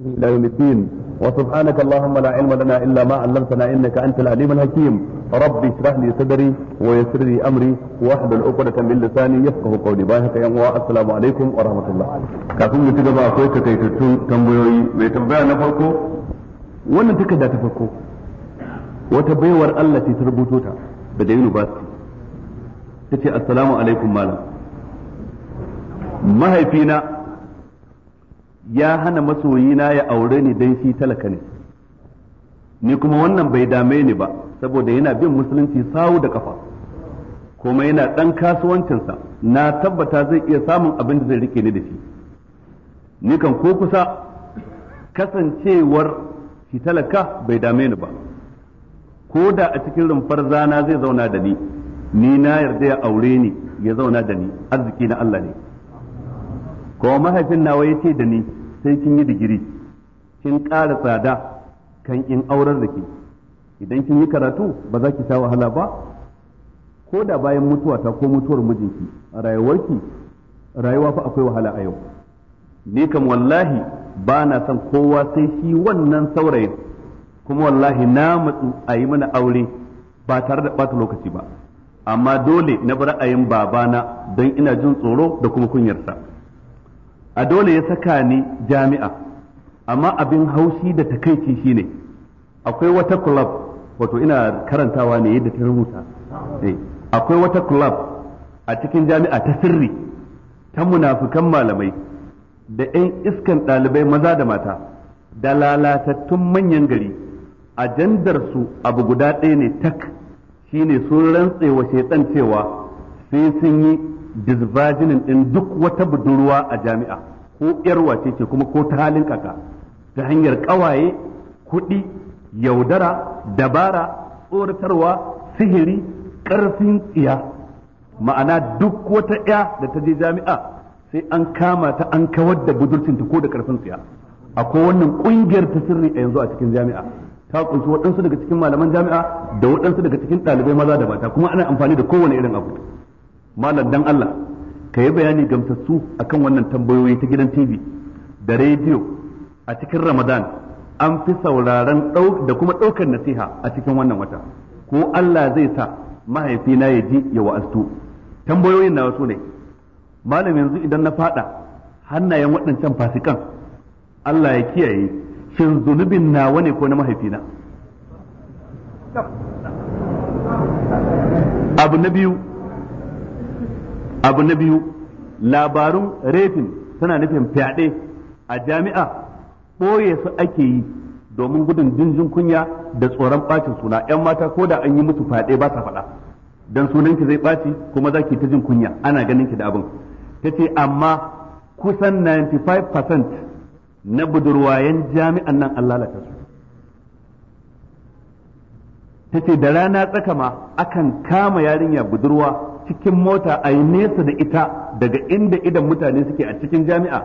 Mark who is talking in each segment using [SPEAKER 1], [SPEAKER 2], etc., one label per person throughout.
[SPEAKER 1] إلى يوم الدين وسبحانك اللهم لا علم لنا إلا ما علمتنا إنك أنت العليم الحكيم ربي اشرح لي صدري ويسر لي أمري واحلل عقدة من لساني يفقه قولي باهك يا السلام عليكم ورحمة الله kafin mu ci gaba akwai takaitattun tambayoyi mai tambaya na farko wannan takarda ta farko wata baiwar Allah ta rubuto ta daga malam ya hana masoyina ya aure ni dan shi talaka ne ni kuma wannan bai dame ni ba saboda yana bin musulunci sawu da kafa kuma yana dan kasuwancinsa na tabbata zai iya samun abin da zai rike ni da shi ni kan ko kusa kasancewar shi talaka bai dame ni ba ko da a cikin rumfar zana zai zauna da ni ni na yarda ya aure ni ya zauna da ni arziki na Allah ne ko mahaifin nawa ya ce da ni sai kin yi digiri kin ƙara tsada kan in aurar da ke idan kin yi karatu ba za ki sha wahala ba ko da bayan mutuwa ta ko mutuwar mijinki a rayuwarki rayuwa fa akwai wahala a yau ni kam wallahi ba na son kowa sai shi wannan saurayin kuma wallahi na matsu a yi mana aure ba tare da ɓata lokaci ba amma dole na bi ra'ayin babana don ina jin tsoro da kuma kunyarsa a dole ya saka ni jami'a amma abin haushi da takaici shine akwai wata club wato ina karantawa ne yadda ta rubuta eh, akwai wata club a cikin jami'a ta sirri ta munafukan malamai da 'yan iskan ɗalibai maza da mata da lalatattun manyan gari ajandarsu abu guda ɗaya ne tak shine sun rantsewa shaitan cewa sai sun yi disvaginin din duk wata budurwa a jami'a ko yarwa ce ce kuma ko ta halin kaka ta hanyar kawaye kuɗi yaudara dabara tsoratarwa sihiri ƙarfin tsiya ma'ana duk wata ya da ta je jami'a sai an kama ta an kawar da budurcinta ko da ƙarfin tsiya akwai wannan ƙungiyar ta sirri a yanzu a cikin jami'a ta kunshi waɗansu daga cikin malaman jami'a da waɗansu daga cikin ɗalibai maza da mata kuma ana amfani da kowane irin abu malam dan Allah ka yi bayani gamsassu akan wannan tambayoyi ta gidan TV da rediyo a cikin Ramadan an fi sauraron da kuma ɗaukar nasiha a cikin wannan wata ko Allah zai sa mahaifina ya ji ya wa'astu tambayoyin na wasu ne malam yanzu idan na fada hannayen waɗancan fasikan Allah ya kiyaye shin zunubin nawa ne ko na mahaifina abu na biyu abu na biyu labarun rafin tana nufin fyaɗe a jami'a ɓoye su ake yi domin gudun jinjin kunya da tsoron ɓacin suna 'yan mata ko da an yi musu fyaɗe ba ta faɗa dan sunanki zai ɓaci kuma za ki ta jin kunya ana ganin ki da abin ta ce amma kusan 95% na budurwayen jami'an nan an lalata su ta ce da rana tsakama akan kama yarinya budurwa cikin mota a yi nesa da ita daga inda idan mutane suke a cikin jami'a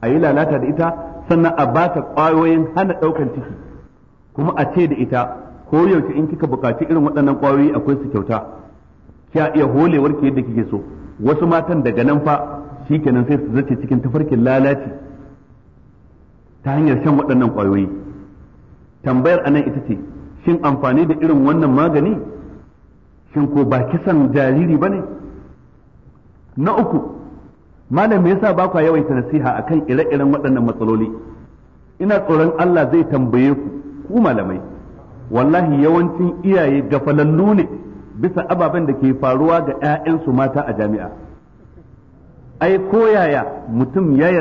[SPEAKER 1] a yi lalata da ita sannan a ba ta ƙwayoyin hana ɗaukan ciki kuma a ce da ita ko yaushe in kika buƙaci irin waɗannan ƙwayoyi akwai su kyauta kya iya holewar ki yadda kike so wasu matan daga nan fa shikenan sai su zace cikin tafarkin lalaci ta hanyar shan waɗannan ƙwayoyi tambayar anan ita ce shin amfani da irin wannan magani shin ko ba kisan jariri ba ne na uku malam me yasa ba kwa yawaita nasiha akan ire-iren waɗannan matsaloli ina tsoron Allah zai tambaye ku ku malamai wallahi yawancin iyaye gafalallu ne bisa ababen da ke faruwa ga 'ya'yansu mata a jami'a ai koyaya mutum ya ya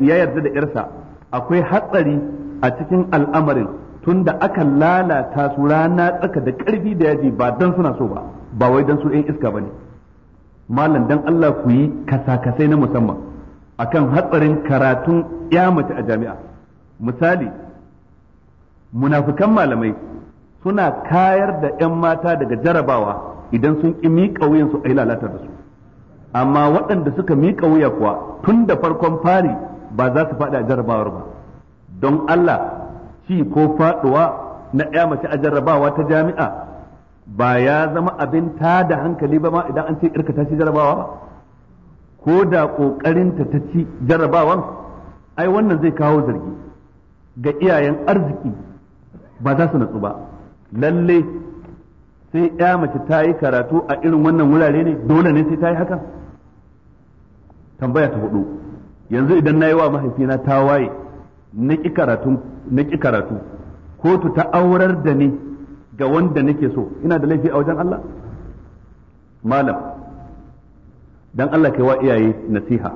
[SPEAKER 1] yarda da 'yarsa akwai hatsari a cikin al'amarin tun da aka lalata su rana tsaka da ƙarfi da yaji ba dan suna so ba ba wai dan su ɗan iska ba ne. malam dan Allah ku yi kasakasai na musamman akan hatsarin karatun ya a jami'a misali munafukan malamai suna kayar da 'yan mata daga jarabawa idan sun ƙi miƙa wuyansu a yi lalata da su amma waɗanda suka miƙa wuya kuwa tun da farkon fari ba za su faɗi a jarabawar ba don Allah ci ko faduwa na ya mace a jarrabawa ta jami'a ba ya zama abin ta da hankali ba ma idan an ce irka ta ci jarrabawa ba ko da kokarin ta ta ci jarrabawan ai wannan zai kawo zargi ga iyayen arziki ba za su natsu ba lalle sai ya mace ta yi karatu a irin wannan wurare ne dole ne sai ta yi hakan tambaya ta hudu yanzu idan na yi wa mahaifina ta waye na ƙi karatu kotu ta aurar da ni ga wanda nake so ina da laifi a wajen Allah malam don Allah kai wa iyaye nasiha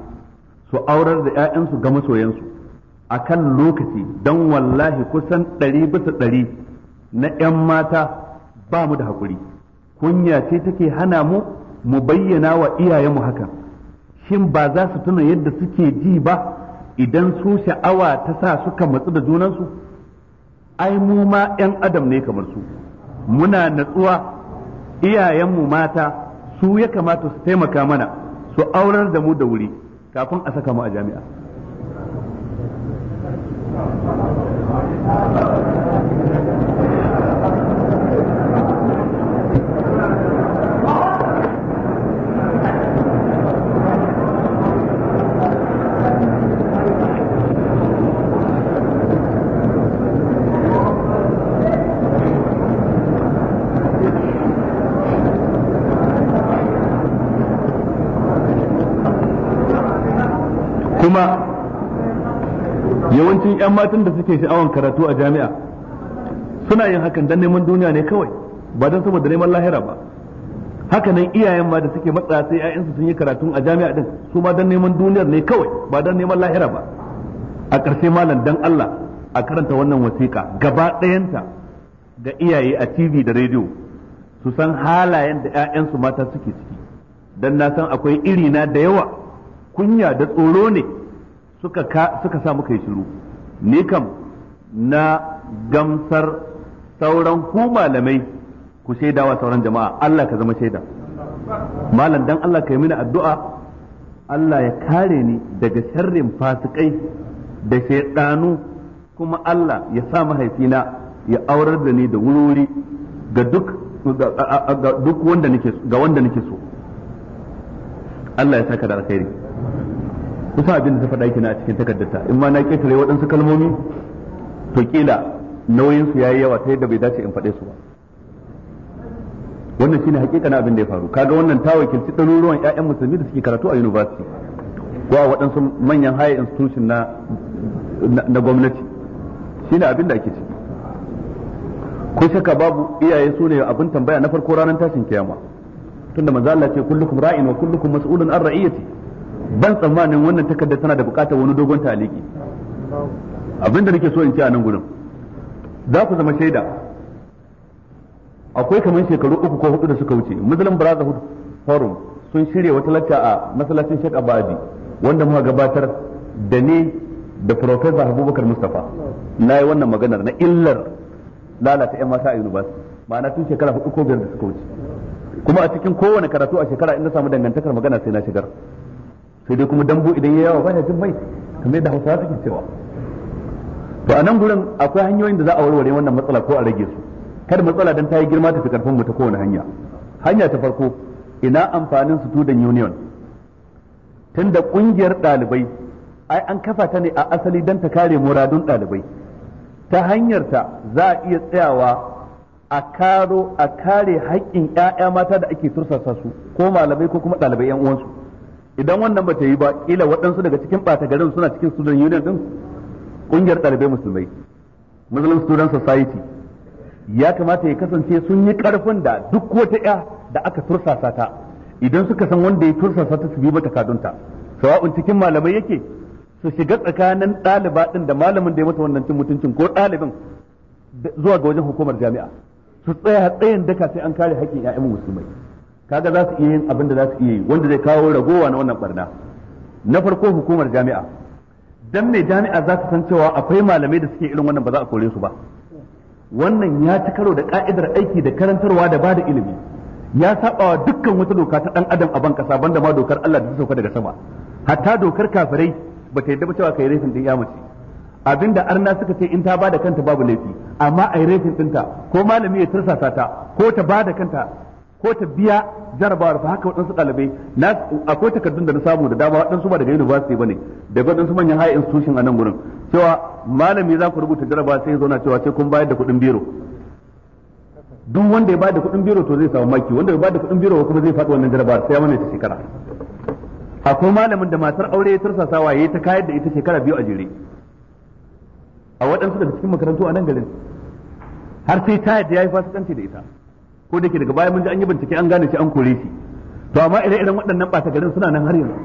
[SPEAKER 1] su aurar da 'ya'yansu ga masoyansu a kan lokaci don wallahi kusan ɗari bisa ɗari na 'yan mata ba mu da haƙuri kunya ce take hana mu mu bayyana wa iyayenmu hakan shin ba za su tuna yadda suke ji ba idan su sha'awa ta sa suka matsu da junansu ai mu ma 'yan adam ne kamar su muna natsuwa iyayenmu mata su ya kamata su taimaka mana su aurar da mu da wuri kafin a saka mu a jami'a kuma yawancin 'yan matan da suke sha'awan karatu a jami'a suna yin hakan don neman duniya ne kawai ba don saboda neman lahira ba haka nan iyayen ma da suke matsa sai 'ya'yansu sun yi karatu a jami'a din su ma don neman duniyar ne kawai ba dan neman lahira ba a ƙarshe malam dan Allah a karanta wannan wasiƙa gaba ɗayanta ga iyaye a TV da rediyo su san halayen da 'ya'yansu mata suke ciki don na san akwai irina da yawa kunya da tsoro ne suka sa muka yi shiru ni kam na gamsar sauran ku malamai ku shaidawa sauran jama'a Allah ka zama shaida malam dan Allah ka yi mini addu'a Allah ya kare ni daga sharrin fasikai da shaidanu kuma Allah ya sa mahaifina ya aurar da ni da wuri ga duk ga duk wanda nake ga wanda nake so Allah ya saka da alkhairi kusa abin da ta faɗa kina a cikin takardarta in ma na ƙetare waɗansu kalmomi to kila nauyin su yayi yawa ta yadda bai dace in faɗe su ba wannan shine hakikanin abin da ya faru kaga wannan ta wakilci ɗaruruwan ƴaƴan musulmi da suke karatu a university ko a waɗansu manyan higher institution na na gwamnati shine abin da ake ciki ko shakka babu iyaye su ne abin tambaya na farko ranar tashin kiyama tunda manzo Allah ce kullukum ra'in wa kullukum mas'ulun an ra'iyati ban tsammanin wannan takardar tana da bukatar wani dogon taliki Abin da nake so in ce a nan gudun. za ku zama shaida akwai kamar shekaru uku ko hudu da suka wuce muslim brotherhood forum sun shirya wata lacca a masallacin Sheikh Abadi wanda muka gabatar da ni da Professor Abubakar Mustapha, na yi wannan maganar na illar lalata 'yan mata a university ma'ana tun shekara hudu ko biyar da suka wuce kuma a cikin kowane karatu a shekara in na samu dangantakar magana sai na shigar sai dai kuma dambu idan ya yawa baya jin mai kamar yadda hausawa suke cewa to a nan gurin akwai hanyoyin da za a warware wannan matsala ko a rage su kada matsala dan ta yi girma ta fi karfin mu ta kowane hanya hanya ta farko ina amfanin su student union tunda kungiyar ɗalibai ai an kafa ta ne a asali dan ta kare muradun ɗalibai ta hanyar ta za a iya tsayawa a karo a kare haƙƙin 'ya'ya mata da ake tursasa su ko malamai ko kuma ɗalibai 'yan uwansu idan wannan bata yi ba kila waɗansu daga cikin ɓata garin suna cikin student union ɗin ƙungiyar ɗalibai musulmai muslim student society ya kamata ya kasance sun yi ƙarfin da duk wata ƴa da aka tursasa ta idan suka san wanda ya tursasa ta su bi mata kadunta sawa'un cikin malamai yake su shiga tsakanin ɗaliba ɗin da malamin da ya mata wannan cin mutuncin ko ɗalibin zuwa ga wajen hukumar jami'a su tsaya tsayin daka sai an kare haƙƙin 'ya'yan musulmai kaga za su iya yin abin da za su iya yi wanda zai kawo ragowa na wannan barna na farko hukumar jami'a dan mai jami'a za ta san cewa akwai malamai da suke irin wannan ba za a kore su ba wannan ya ci karo da ka'idar aiki da karantarwa da bada ilimi ya saba wa dukkan wata doka ta dan adam a ban kasa banda ma dokar Allah da ta sauka daga sama hatta dokar kafirai ba ta yadda ba cewa kai rafin din ya mace abinda arna suka ce in ta bada kanta babu laifi amma ai rafin dinta ko malami ya tursasa ta ko ta bada kanta ko ta biya jarabawar fa haka waɗansu ɗalibai na akwai takardun da na samu da dama waɗansu ba daga university bane daga waɗansu manyan high institution a nan gurin cewa malami za ku rubuta jaraba sai zauna cewa sai kun bayar da kuɗin biro duk wanda ya bayar da kuɗin biro to zai samu maki wanda ya bayar da kuɗin biro kuma zai faɗi wannan jarabawar sai ya mana ta
[SPEAKER 2] shekara akwai malamin da matar aure ya tursasawa yayi ta kayar da ita shekara biyu a jere a waɗansu daga cikin makarantu a nan garin har sai ta
[SPEAKER 1] yadda ya yi fasikanci da ita ko da ke daga baya mun ji an yi bincike an gane shi an kore shi to amma ire-iren waɗannan ɓata garin suna nan har yanzu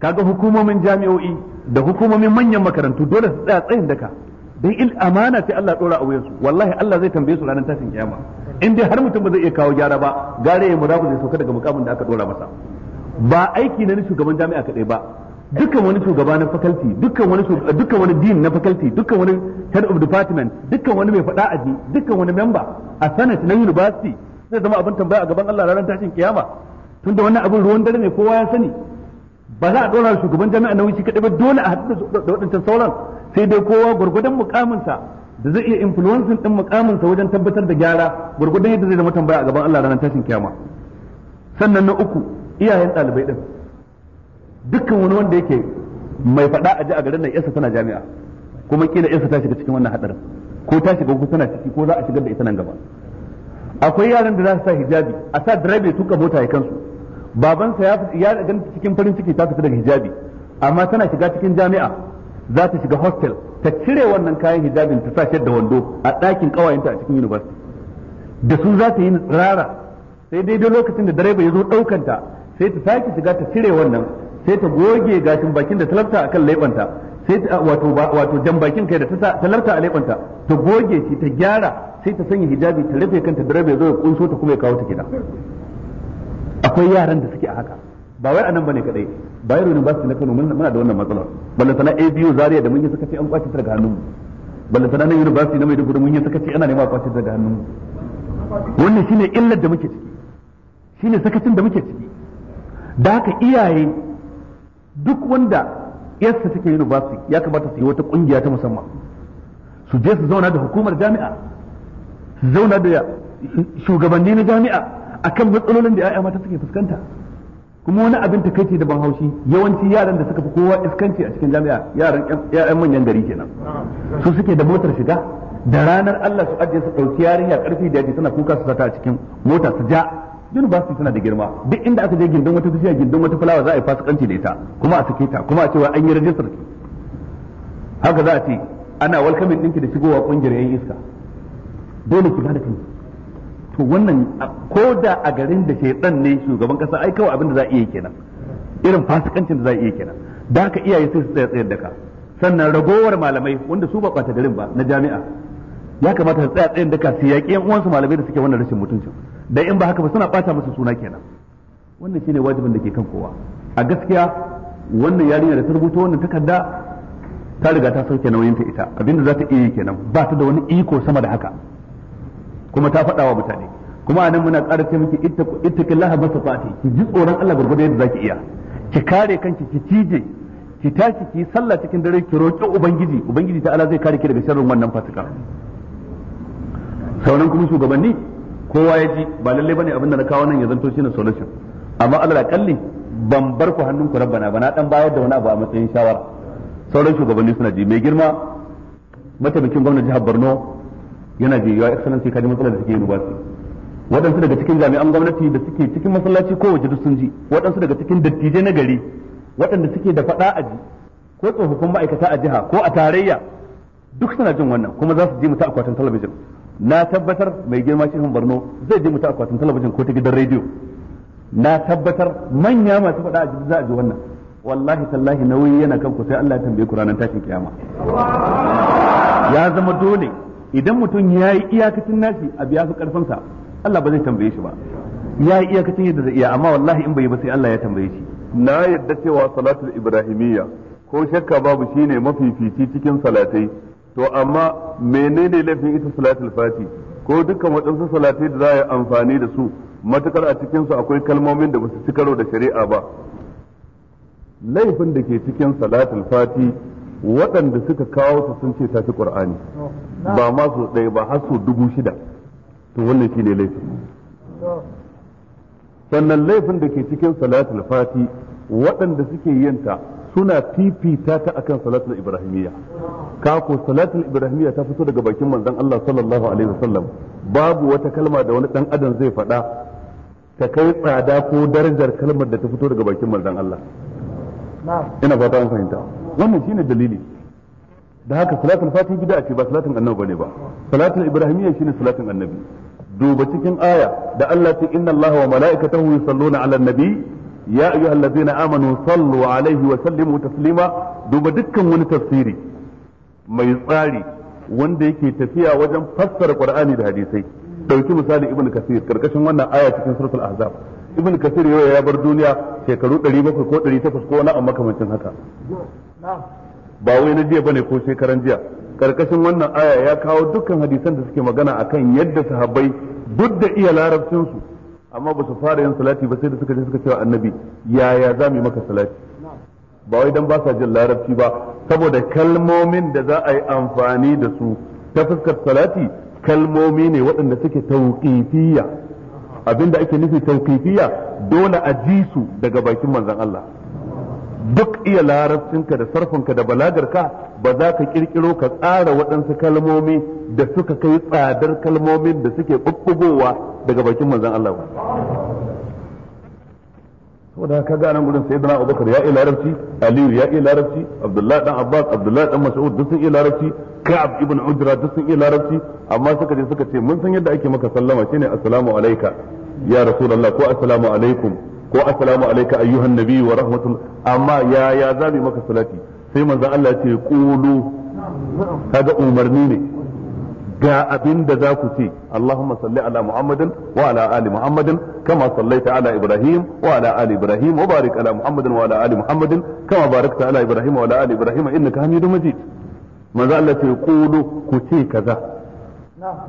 [SPEAKER 1] kaga hukumomin jami'o'i da hukumomin manyan makarantu dole su tsaya tsayin daka dan il amana sai Allah dora a wuyansu wallahi Allah zai tambaye su ranar tashin kiyama in dai har mutum ba zai iya kawo gyara ba gare ya murabu zai sauka daga mukamin da aka dora masa ba aiki na shugaban jami'a kadai ba dukkan wani shugaba na faculty dukkan wani dukkan wani dean na faculty dukkan wani head of department dukkan wani mai fada aji dukkan wani member a senate na university zai zama abin tambaya a gaban Allah ranar tashin kiyama tunda wannan abin ruwan dare ne kowa ya sani ba za a dora shugaban jami'a na wuce kadai ba dole a haɗu da waɗancan sauran sai dai kowa gurgudan mukaminsa da zai iya influencing din mukaminsa wajen tabbatar da gyara gurgudan yadda zai zama tambaya a gaban Allah ranar tashin kiyama sannan na uku iyayen ɗalibai din dukkan wani wanda yake mai faɗa a ji a garin nan yasa tana jami'a kuma kila yasa ta shiga cikin wannan hadarin ko ta shiga ko tana ciki ko za a shigar da ita nan gaba akwai yaran da za su sa hijabi a sa direba ya tuka mota ya kansu babansa ya ya ga cikin farin ciki ta fita daga hijabi amma tana shiga cikin jami'a za ta shiga hostel ta cire wannan kayan hijabin ta sa da wando a ɗakin ƙawayenta a cikin university da su za ta yi rara sai daidai lokacin da direba ya zo ɗaukanta sai ta sake shiga ta cire wannan sai ta goge gashin bakin da a kan laifanta sai wato wato jan bakin kai da ta talarta a laifanta ta goge shi ta gyara sai ta sanya hijabi ta rufe kanta da rabe zo ya kunso ta kuma ya kawo ta gida akwai yaran da suke a haka ba wai anan bane kadai ba university na Kano muna da wannan matsalar balle sana ABU Zaria da mun yi suka ce an kwace daga hannunmu balle sana na university na Maiduguri mun yi suka ce ana nema kwace daga hannunmu wannan shine illar da muke ciki shine sakacin da muke ciki da haka iyaye duk wanda yarsa take university ya kamata su yi wata kungiya ta musamman su je su zauna da hukumar jami'a su zauna da shugabanni na jami'a akan matsalolin da 'ya'ya mata suke fuskanta kuma wani abin ta takaici da ban haushi yawanci yaran da suka fi kowa iskanci a cikin jami'a yaran 'ya'yan manyan gari kenan su suke da motar shiga da ranar Allah su ajiye su ɗauki yarinya ƙarfi da yaji suna kuka su sata a cikin mota su ja university tana da girma duk inda aka je gindin wata bishiya gindin wata fulawa za a yi fasikanci da ita kuma a sake ta kuma a cewa an yi rajistar ki haka za a ce ana welcoming ɗinki da shigowa ƙungiyar yan iska dole ki bada kanki to wannan ko da a garin da shaidan ne shugaban kasa ai kawai abin da za a iya kenan irin fasikancin da za a iya kenan da haka iyaye sai su tsaya tsayar da ka sannan ragowar malamai wanda su ba ɓata garin ba na jami'a ya kamata su tsaya tsayin daka su yaƙi yan uwansu malamai da suke wannan rashin mutuncin da in ba haka ba suna bata musu suna kenan wannan shine wajibin da ke kan kowa a gaskiya wannan yarinya da ta rubuta wannan takarda ta riga ta sauke nauyin ta ita abinda za ta iya kenan ba ta da wani iko sama da haka kuma ta faɗa wa mutane kuma a nan muna ƙara ce miki ittaqillaha fati ki ji tsoron Allah gurgurda yadda za ki iya ki kare kanki ki cije ki tashi ki sallah cikin dare ki roƙi ubangiji ubangiji ta ala zai kare ki daga sharrin wannan fasika sauran kuma shugabanni kowa ya ji ba lalle bane abin da na kawo nan ya zanto shine solution amma Allah kalli ban bar ku hannun ku rabbana ba na dan bayar da wani abu a matsayin shawara sauran shugabanni suna ji mai girma mataimakin gwamnati jihar Borno yana ji ya excellency kaji matsalar da take yi basu waɗansu daga cikin jami'an gwamnati da suke cikin masallaci ko waje duk sun ji waɗansu daga cikin dattijai na gari waɗanda suke da faɗa a ji ko tsofaffin ma'aikata a jiha ko a tarayya duk suna jin wannan kuma za su ji mutu akwatin talabijin na tabbatar mai girma shehun barno zai je mutu akwatin talabijin ko ta gidan rediyo na tabbatar manya masu faɗa a jibi za a ji wannan wallahi tallahi nauyi yana kan ku sai Allah ya tambaye ku ranar tashin kiyama ya zama dole idan mutum ya yi iyakacin nashi a biya su karfinsa Allah ba zai tambaye shi ba ya yi iyakacin yadda zai iya amma wallahi in bai ba sai Allah ya tambaye shi na yadda cewa salatul ibrahimiyya ko shakka babu shine mafifici cikin salatai to amma menene laifin ita salatul fati ko dukkan waɗansu salatai da za a yi amfani da su matukar a cikinsu akwai kalmomin da basu ci karo da shari'a ba laifin da ke cikin salatul fati waɗanda suka kawo su sun ce tafi qur'ani ba ma su ɗaya ba har su dubu shida to wannan shine laifin sannan laifin da ke cikin salatul fati waɗanda suke yin ta suna fifita ta akan salatul ibrahimiyya Kako ko salatul ibrahimiyya ta fito daga bakin manzon Allah sallallahu alaihi wasallam babu wata kalma da wani dan adam zai faɗa ta kai tsada ko darajar kalmar da ta fito daga bakin manzon Allah ina fata an fahimta wannan shine dalili da haka salatul fatih bid'a ce ba salatin annabi bane ba salatul ibrahimiyya shine salatin annabi duba cikin aya da Allah ta inna Allah wa mala'ikatahu yusalluna 'alan nabi ya ayyuhal ladzina amanu sallu alaihi wa duba dukkan wani tafsiri mai tsari wanda yake tafiya wajen fassara qur'ani da hadisai Ɗauki misali ibnu kasir karkashin wannan aya cikin suratul ahzab ibnu kasir yau ya bar duniya shekaru 700 ko 800 ko wani amma kamancin haka ba wai na jiya ne ko shekaran jiya karkashin wannan aya ya kawo dukkan hadisan da suke magana akan yadda sahabbai duk da iya larabcinsu. amma ba su fara yin salati ba sai da suka je suka cewa annabi yaya za mu yi maka salati ba wai dan ba sa jin larabci ba saboda kalmomin da za a yi amfani da su ta fuskar salati kalmomi ne waɗanda suke tauqifiyya abinda ake nufi tauqifiyya dole a ji su daga bakin manzon Allah duk iya larabcinka da sarfinka da balagarka ba za ka kirkiro ka tsara waɗansu kalmomi da suka kai tsadar kalmomin da suke ɓuɓɓugowa daga bakin manzon Allah ba saboda ka ga nan gurin sayyidina Abubakar ya iya larabci Aliyu ya iya larabci Abdullah dan Abbas Abdullah dan Mas'ud duk sun iya larabci Ka'ab ibn Ujra duk sun iya larabci amma suka je suka ce mun san yadda ake maka sallama shine assalamu alayka ya rasulullah ko assalamu alaikum ko assalamu alayka ayyuhan nabi wa rahmatul amma ya ya zabi maka salati sai manzo Allah ce kulu. kaga umarni ne ga abin da za ku ce Allahumma salli ala Muhammadin wa ala ali Muhammadin kama sallaita ala Ibrahim wa ala ali Ibrahim wa barik ala Muhammadin wa ala ali Muhammadin kama barakta ala Ibrahim wa ala ali Ibrahim innaka Hamidum Majid manzo Allah ce kulu ku ce kaza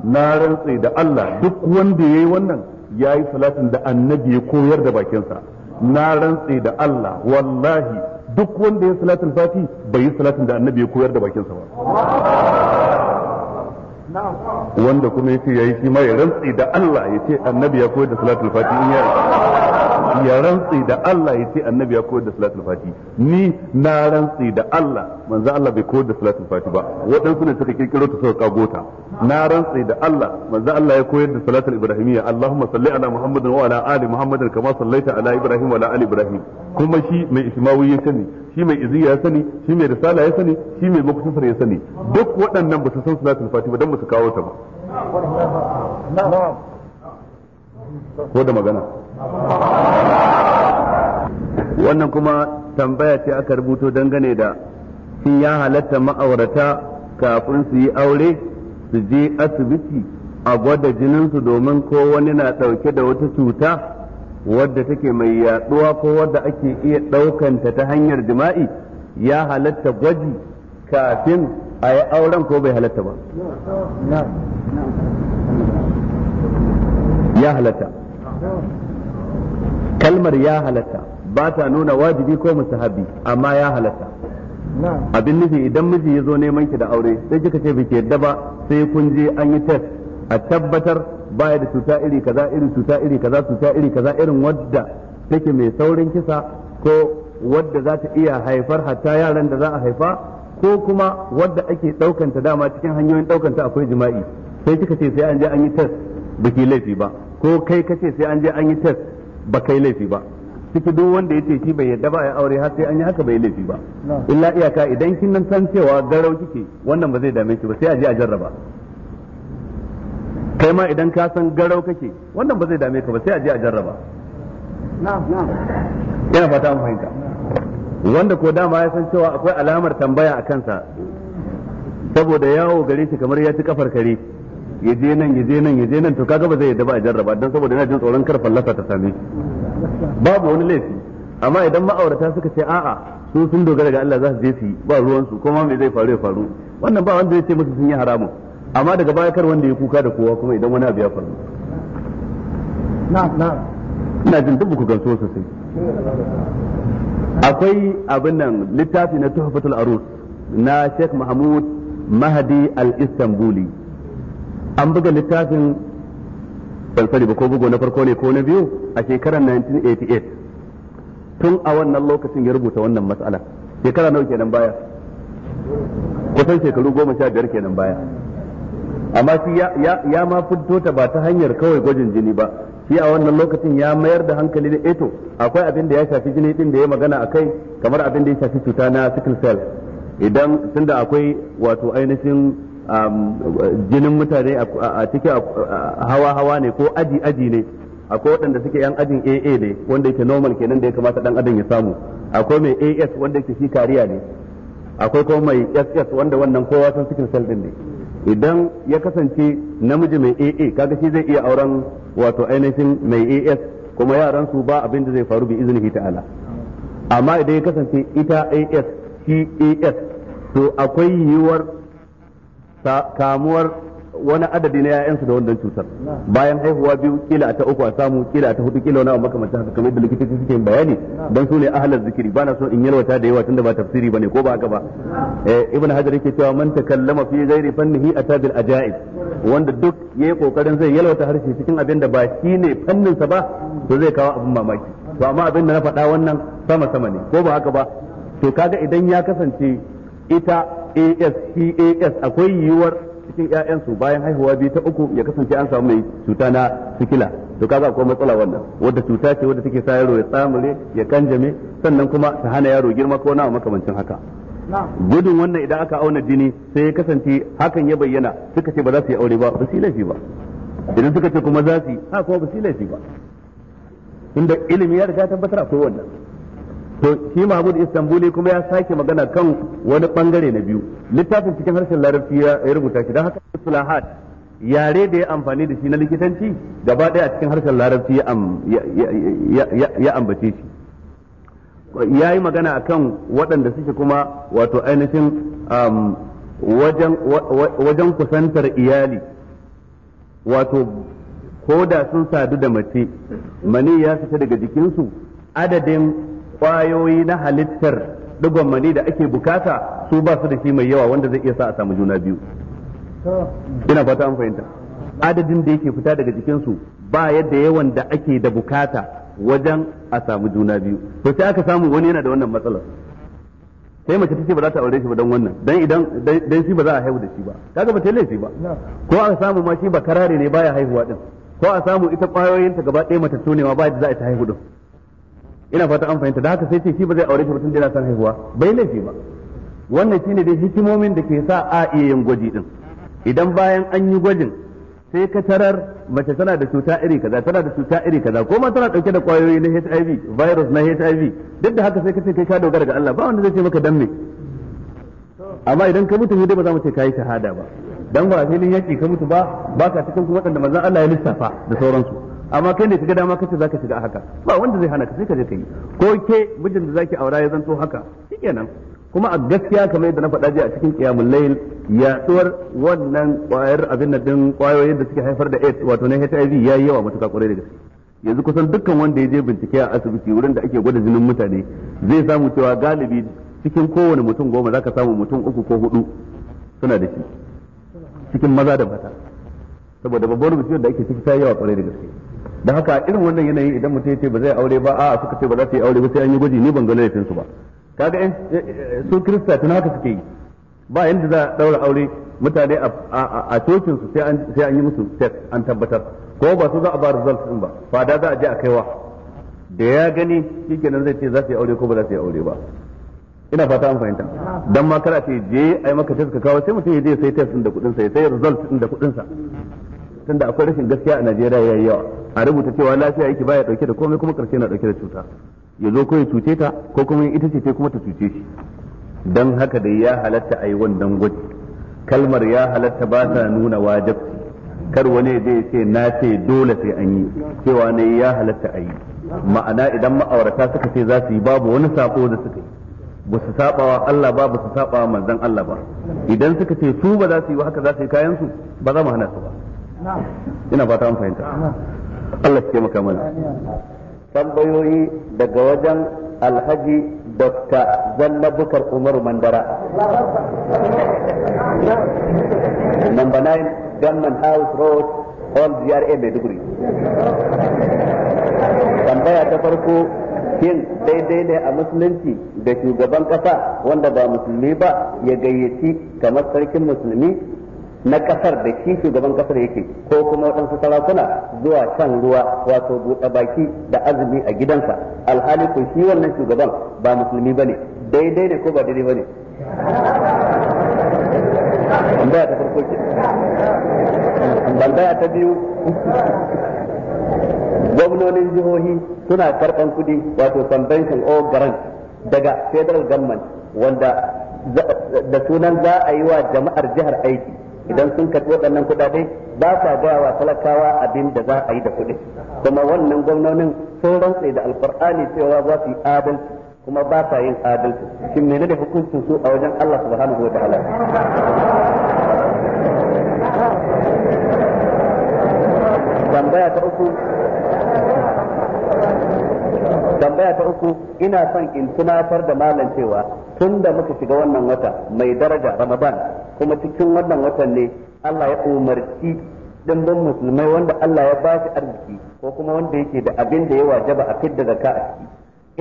[SPEAKER 1] na rantsi da Allah duk wanda yayi wannan yayi salatin da annabi ya koyar da bakinsa na rantsi da Allah wallahi duk wanda ya salatul fati bai yi salatin da annabi ya koyar da bakin sa ba wanda kuma yace yayi shi ma ya rantsi da Allah yace annabi ya koyar da salatul fati in ya ya rantsi da Allah ya ce annabi ya koyar da salatul fati ni na rantsi da Allah manzo Allah bai koyar da salatul fati ba waɗansu ne suka kirkiro ta suka kagota na rantsi da Allah manzo Allah ya koyar da salatul ibrahimiyya Allahumma salli ala Muhammadin wa ala ali Muhammadin kama sallaita ala Ibrahim wa ala ali Ibrahim kuma shi mai ismawi ya sani shi mai iziya ya sani shi mai risala ya sani shi mai muktasar ya sani duk waɗannan ba su san salatul fati ba dan ba su kawo ta ba ko da magana wannan kuma tambaya ce aka rubuto dangane da shin ya halatta ma'aurata kafin su yi aure su je asibiti a gwada jininsu domin ko wani na ɗauke da wata cuta wadda take mai yaɗuwa ko wadda ake iya ɗaukanta ta hanyar jima'i ya halatta gwaji kafin a yi auren ko bai halatta ba ya halatta kalmar ya halatta ba ta nuna wajibi ko musahabi amma ya halatta abin nufi idan miji ya zo neman ki da aure sai kika ce bike yadda ba sai kun je an yi test a tabbatar baya da cuta iri kaza irin cuta iri kaza cuta iri kaza irin wadda take mai saurin kisa ko wadda za ta iya haifar hatta yaran da za a haifa ko kuma wadda ake ɗaukanta dama cikin hanyoyin ɗaukanta akwai jima'i sai kika ce sai an je an yi test biki laifi ba ko kai kace sai an je an yi test ba kai laifi ba ciki duk wanda yace shi bai yadda ba ya aure har sai an yi haka bai laifi ba illa iyaka idan kin nan san cewa garau kike wannan ba zai dame ki ba sai a je a jarraba kai ma idan ka san garau kake wannan ba zai dame ka ba sai a je a jarraba Ina fata an fahimta wanda ko dama ya san cewa akwai alamar tambaya a kansa saboda yawo gare shi kamar ya ci kafar kare ya je nan ya je nan ya je nan to kaga ba zai yadda ba a jarraba dan saboda yana jin tsoron kar fallasa ta same babu wani laifi amma idan ma'aurata suka ce a'a su sun dogara ga Allah za su je su ba ruwan su kuma me zai faru ya faru wannan ba wanda ya ce musu sun yi haramu. amma daga baya kar wanda ya kuka da kowa kuma idan wani abu ya faru na na ina jin duk ku gamsu sosai akwai abin nan littafi na tuhfatul arus na Sheikh Mahmud Mahdi al-Istanbuli an buga
[SPEAKER 2] littafin ban ba ko bugo na farko ne ko na biyu a shekarar 1988 tun a wannan lokacin ya rubuta wannan matsala shekara nawa kenan baya
[SPEAKER 1] kusan shekaru goma sha biyar kenan baya amma shi ya ma fito ta ba ta hanyar kawai gwajin jini ba shi a wannan lokacin ya mayar da hankali da eto akwai abin da ya shafi jini din da ya magana a kai kamar abin da ya shafi cuta na sickle cell idan tunda akwai wato ainihin Um, jinin mutane a cikin hawa-hawa ne ko aji-aji ne akwai waɗanda suke yan ajin AA ne wanda yake normal kenan da ya kamata dan adam ya samu akwai mai AS wanda yake shi kariya ne akwai kuma mai SS wanda wannan kowa san cikin cell ne idan ya kasance namiji mai AA kaga shi zai iya auren wato ainihin mai AS kuma yaran su ba abin da zai faru bi izini ta'ala amma idan ya kasance ita AS shi AS to akwai yiwuwar kamuwar wani adadi na
[SPEAKER 2] 'ya'yansu da wannan cutar bayan haihuwa biyu kila ta uku a samu kila ta hudu kila wani abu makamancin haka kamar yadda likitoci suke bayani dan su ne zikiri ba na so in yalwata da yawa tunda ba tafsiri bane ko ba haka ba
[SPEAKER 1] eh ibn hajar yake cewa man takallama fi ghairi fannihi atabil ajaib wanda duk yayi kokarin zai yalwata harshe cikin abin da ba shine fannin sa ba to zai kawo abin mamaki to amma abin da na faɗa wannan sama sama ne ko ba haka ba to kaga idan ya kasance ita AS akwai yiwuwar cikin ƴaƴansu bayan haihuwa biyu ta uku ya kasance an samu mai cuta na sikila to kaga akwai matsala wannan wadda cuta ce wadda take sa
[SPEAKER 2] yaro ya tsamure ya kanjame sannan kuma ta hana yaro girma ko na makamancin haka gudun wannan idan aka auna jini sai ya kasance hakan ya bayyana suka ce ba za su yi aure ba ba su laifi
[SPEAKER 1] ba idan suka ce kuma za su yi ha kuma ba su laifi ba tunda ilimi ya riga tabbatar akwai wannan to shi Mahmud Istanbuli kuma ya sake magana kan wani bangare na biyu littafin cikin harshen larabci ya rubuta shi don haka sulahat yare da ya amfani da shi na likitanci gaba daya a cikin harshen larabci ya ambace shi ya yi magana akan waɗanda suke kuma wato ainihin wajen kusantar iyali wato ko da sun sadu da mace mani ya fita daga jikinsu adadin kwayoyi na halittar digon mani da ake bukata su ba su da shi mai yawa wanda zai iya sa a samu juna biyu ina fata an fahimta
[SPEAKER 2] adadin da yake fita daga jikinsu ba yadda yawan da ake da bukata wajen a samu juna biyu to sai aka samu wani yana da wannan matsalar sai mace ta ce ba za ta aure shi ba don wannan dan idan dan shi ba za a haihu da shi ba kaga ba ta laifi ba ko a samu ma shi ba karare ne baya haihuwa din ko a samu ita kwayoyinta gaba ɗaya mata tonewa ma ba yadda za a ta haihu din ina fata an fahimta da haka sai ce shi ba zai aure ba tun da yana son haihuwa bai laifi ba
[SPEAKER 1] wannan shine dai hikimomin da ke sa a iya yin gwaji din idan bayan an yi gwajin
[SPEAKER 2] sai ka tarar mace tana da cuta iri kaza tana da cuta iri kaza ko ma tana dauke da kwayoyi na HIV virus na HIV duk da haka sai ka ce kai ka dogara ga Allah ba wanda zai ce maka dan me amma idan ka mutu dai ba za mu ce kai shahada ba dan ba filin yaki ka mutu ba ka cikin waɗanda manzon Allah ya lissafa da sauransu amma kai ne kaga dama kace zaka shiga haka ba wanda zai hana ka sai ka je kai ko ke mijin da zaki aura ya zanto haka shikenan kuma a gaskiya kamar
[SPEAKER 1] yadda na faɗa ji a cikin qiyamul layl yaduwar wannan ƙwayar abin nan din ƙwayoyin da suke haifar da AIDS wato na HIV yi yawa matuƙa kwarai da gaske yanzu kusan dukkan wanda ya je bincike a asibiti wurin da ake gwada jinin mutane zai samu cewa galibi cikin kowane mutum goma zaka samu mutum uku ko hudu suna da shi cikin maza da mata saboda babbar mutum da ake ciki ta yawa kwarai da gaske da haka irin wannan yanayi idan mutum ya ce ba zai aure ba a suka ce ba za su yi aure ba sai an yi gwaji ni ban ga laifin su ba kaga in su kirista tun haka suke yi ba yanda za a daura aure mutane a cocin su sai an yi musu test an tabbatar ko ba su za a ba result din ba fada za a je a kaiwa da ya gani kenan zai ce za su yi aure ko ba za su yi aure ba ina fata an fahimta dan ma kada ce je ai maka test ka kawo sai mutum ya je sai test din da kudin sa sai result din da kudin sa tunda akwai rashin gaskiya a Najeriya yayi yawa a rubuta cewa lafiya yake baya dauke da komai kuma karshe na dauke da cuta ya zo ko ya cuce ta ko kuma ita ce ta kuma ta cuce shi dan haka da ya halatta a yi wannan gwaji kalmar ya halatta ba ta nuna wajibci kar wani zai ce na ce dole sai an yi cewa ne ya halatta a yi ma'ana idan ma'aurata suka ce za su yi babu wani sako da suka yi ba su saba wa Allah ba ba su saba wa manzon Allah ba idan suka ce su ba za su yi ba haka za su yi kayan su ba za mu hana su ba
[SPEAKER 2] ina ta an fahimta Allah ya maka mana tambayoyi daga wajen alhaji dr zalla umaru mandara number 9 government house road hall GRA Maiduguri. Tambaya ta farko yin daidai ne a musulunci da shugaban ƙasa wanda ba musulmi ba ya gayyaci kamar sarkin musulmi na kasar da shi shugaban kasar yake ko kuma waɗansu sarakuna zuwa shan ruwa wato buɗe baki da azumi a gidansa alhali ko shi wannan shugaban ba musulmi ba ne daidai ne ko ba daidai ba ne tambaya ta farko ke tambaya ta biyu gwamnonin jihohi suna karɓan kuɗi wato convention o grant daga federal government wanda da sunan za a yi wa jama'ar jihar aiki idan sun karɓi waɗannan kuɗaɗe ba sa gaya wa talakawa abin da za a yi da kuɗi kuma wannan gwamnonin sun rantse da alkur'ani cewa za su yi adalci kuma ba sa yin adalci shi menene da hukuncin su a wajen Allah subhanahu wa ta'ala tambaya ta uku tambaya ta uku ina son in tunatar da malam cewa tun da muka shiga wannan wata mai daraja ramadan kuma cikin wannan watan ne Allah ya umarci dimbin musulmai wanda Allah ya ba shi arziki ko kuma wanda yake da abin da ya wajaba a fidda zakka a ciki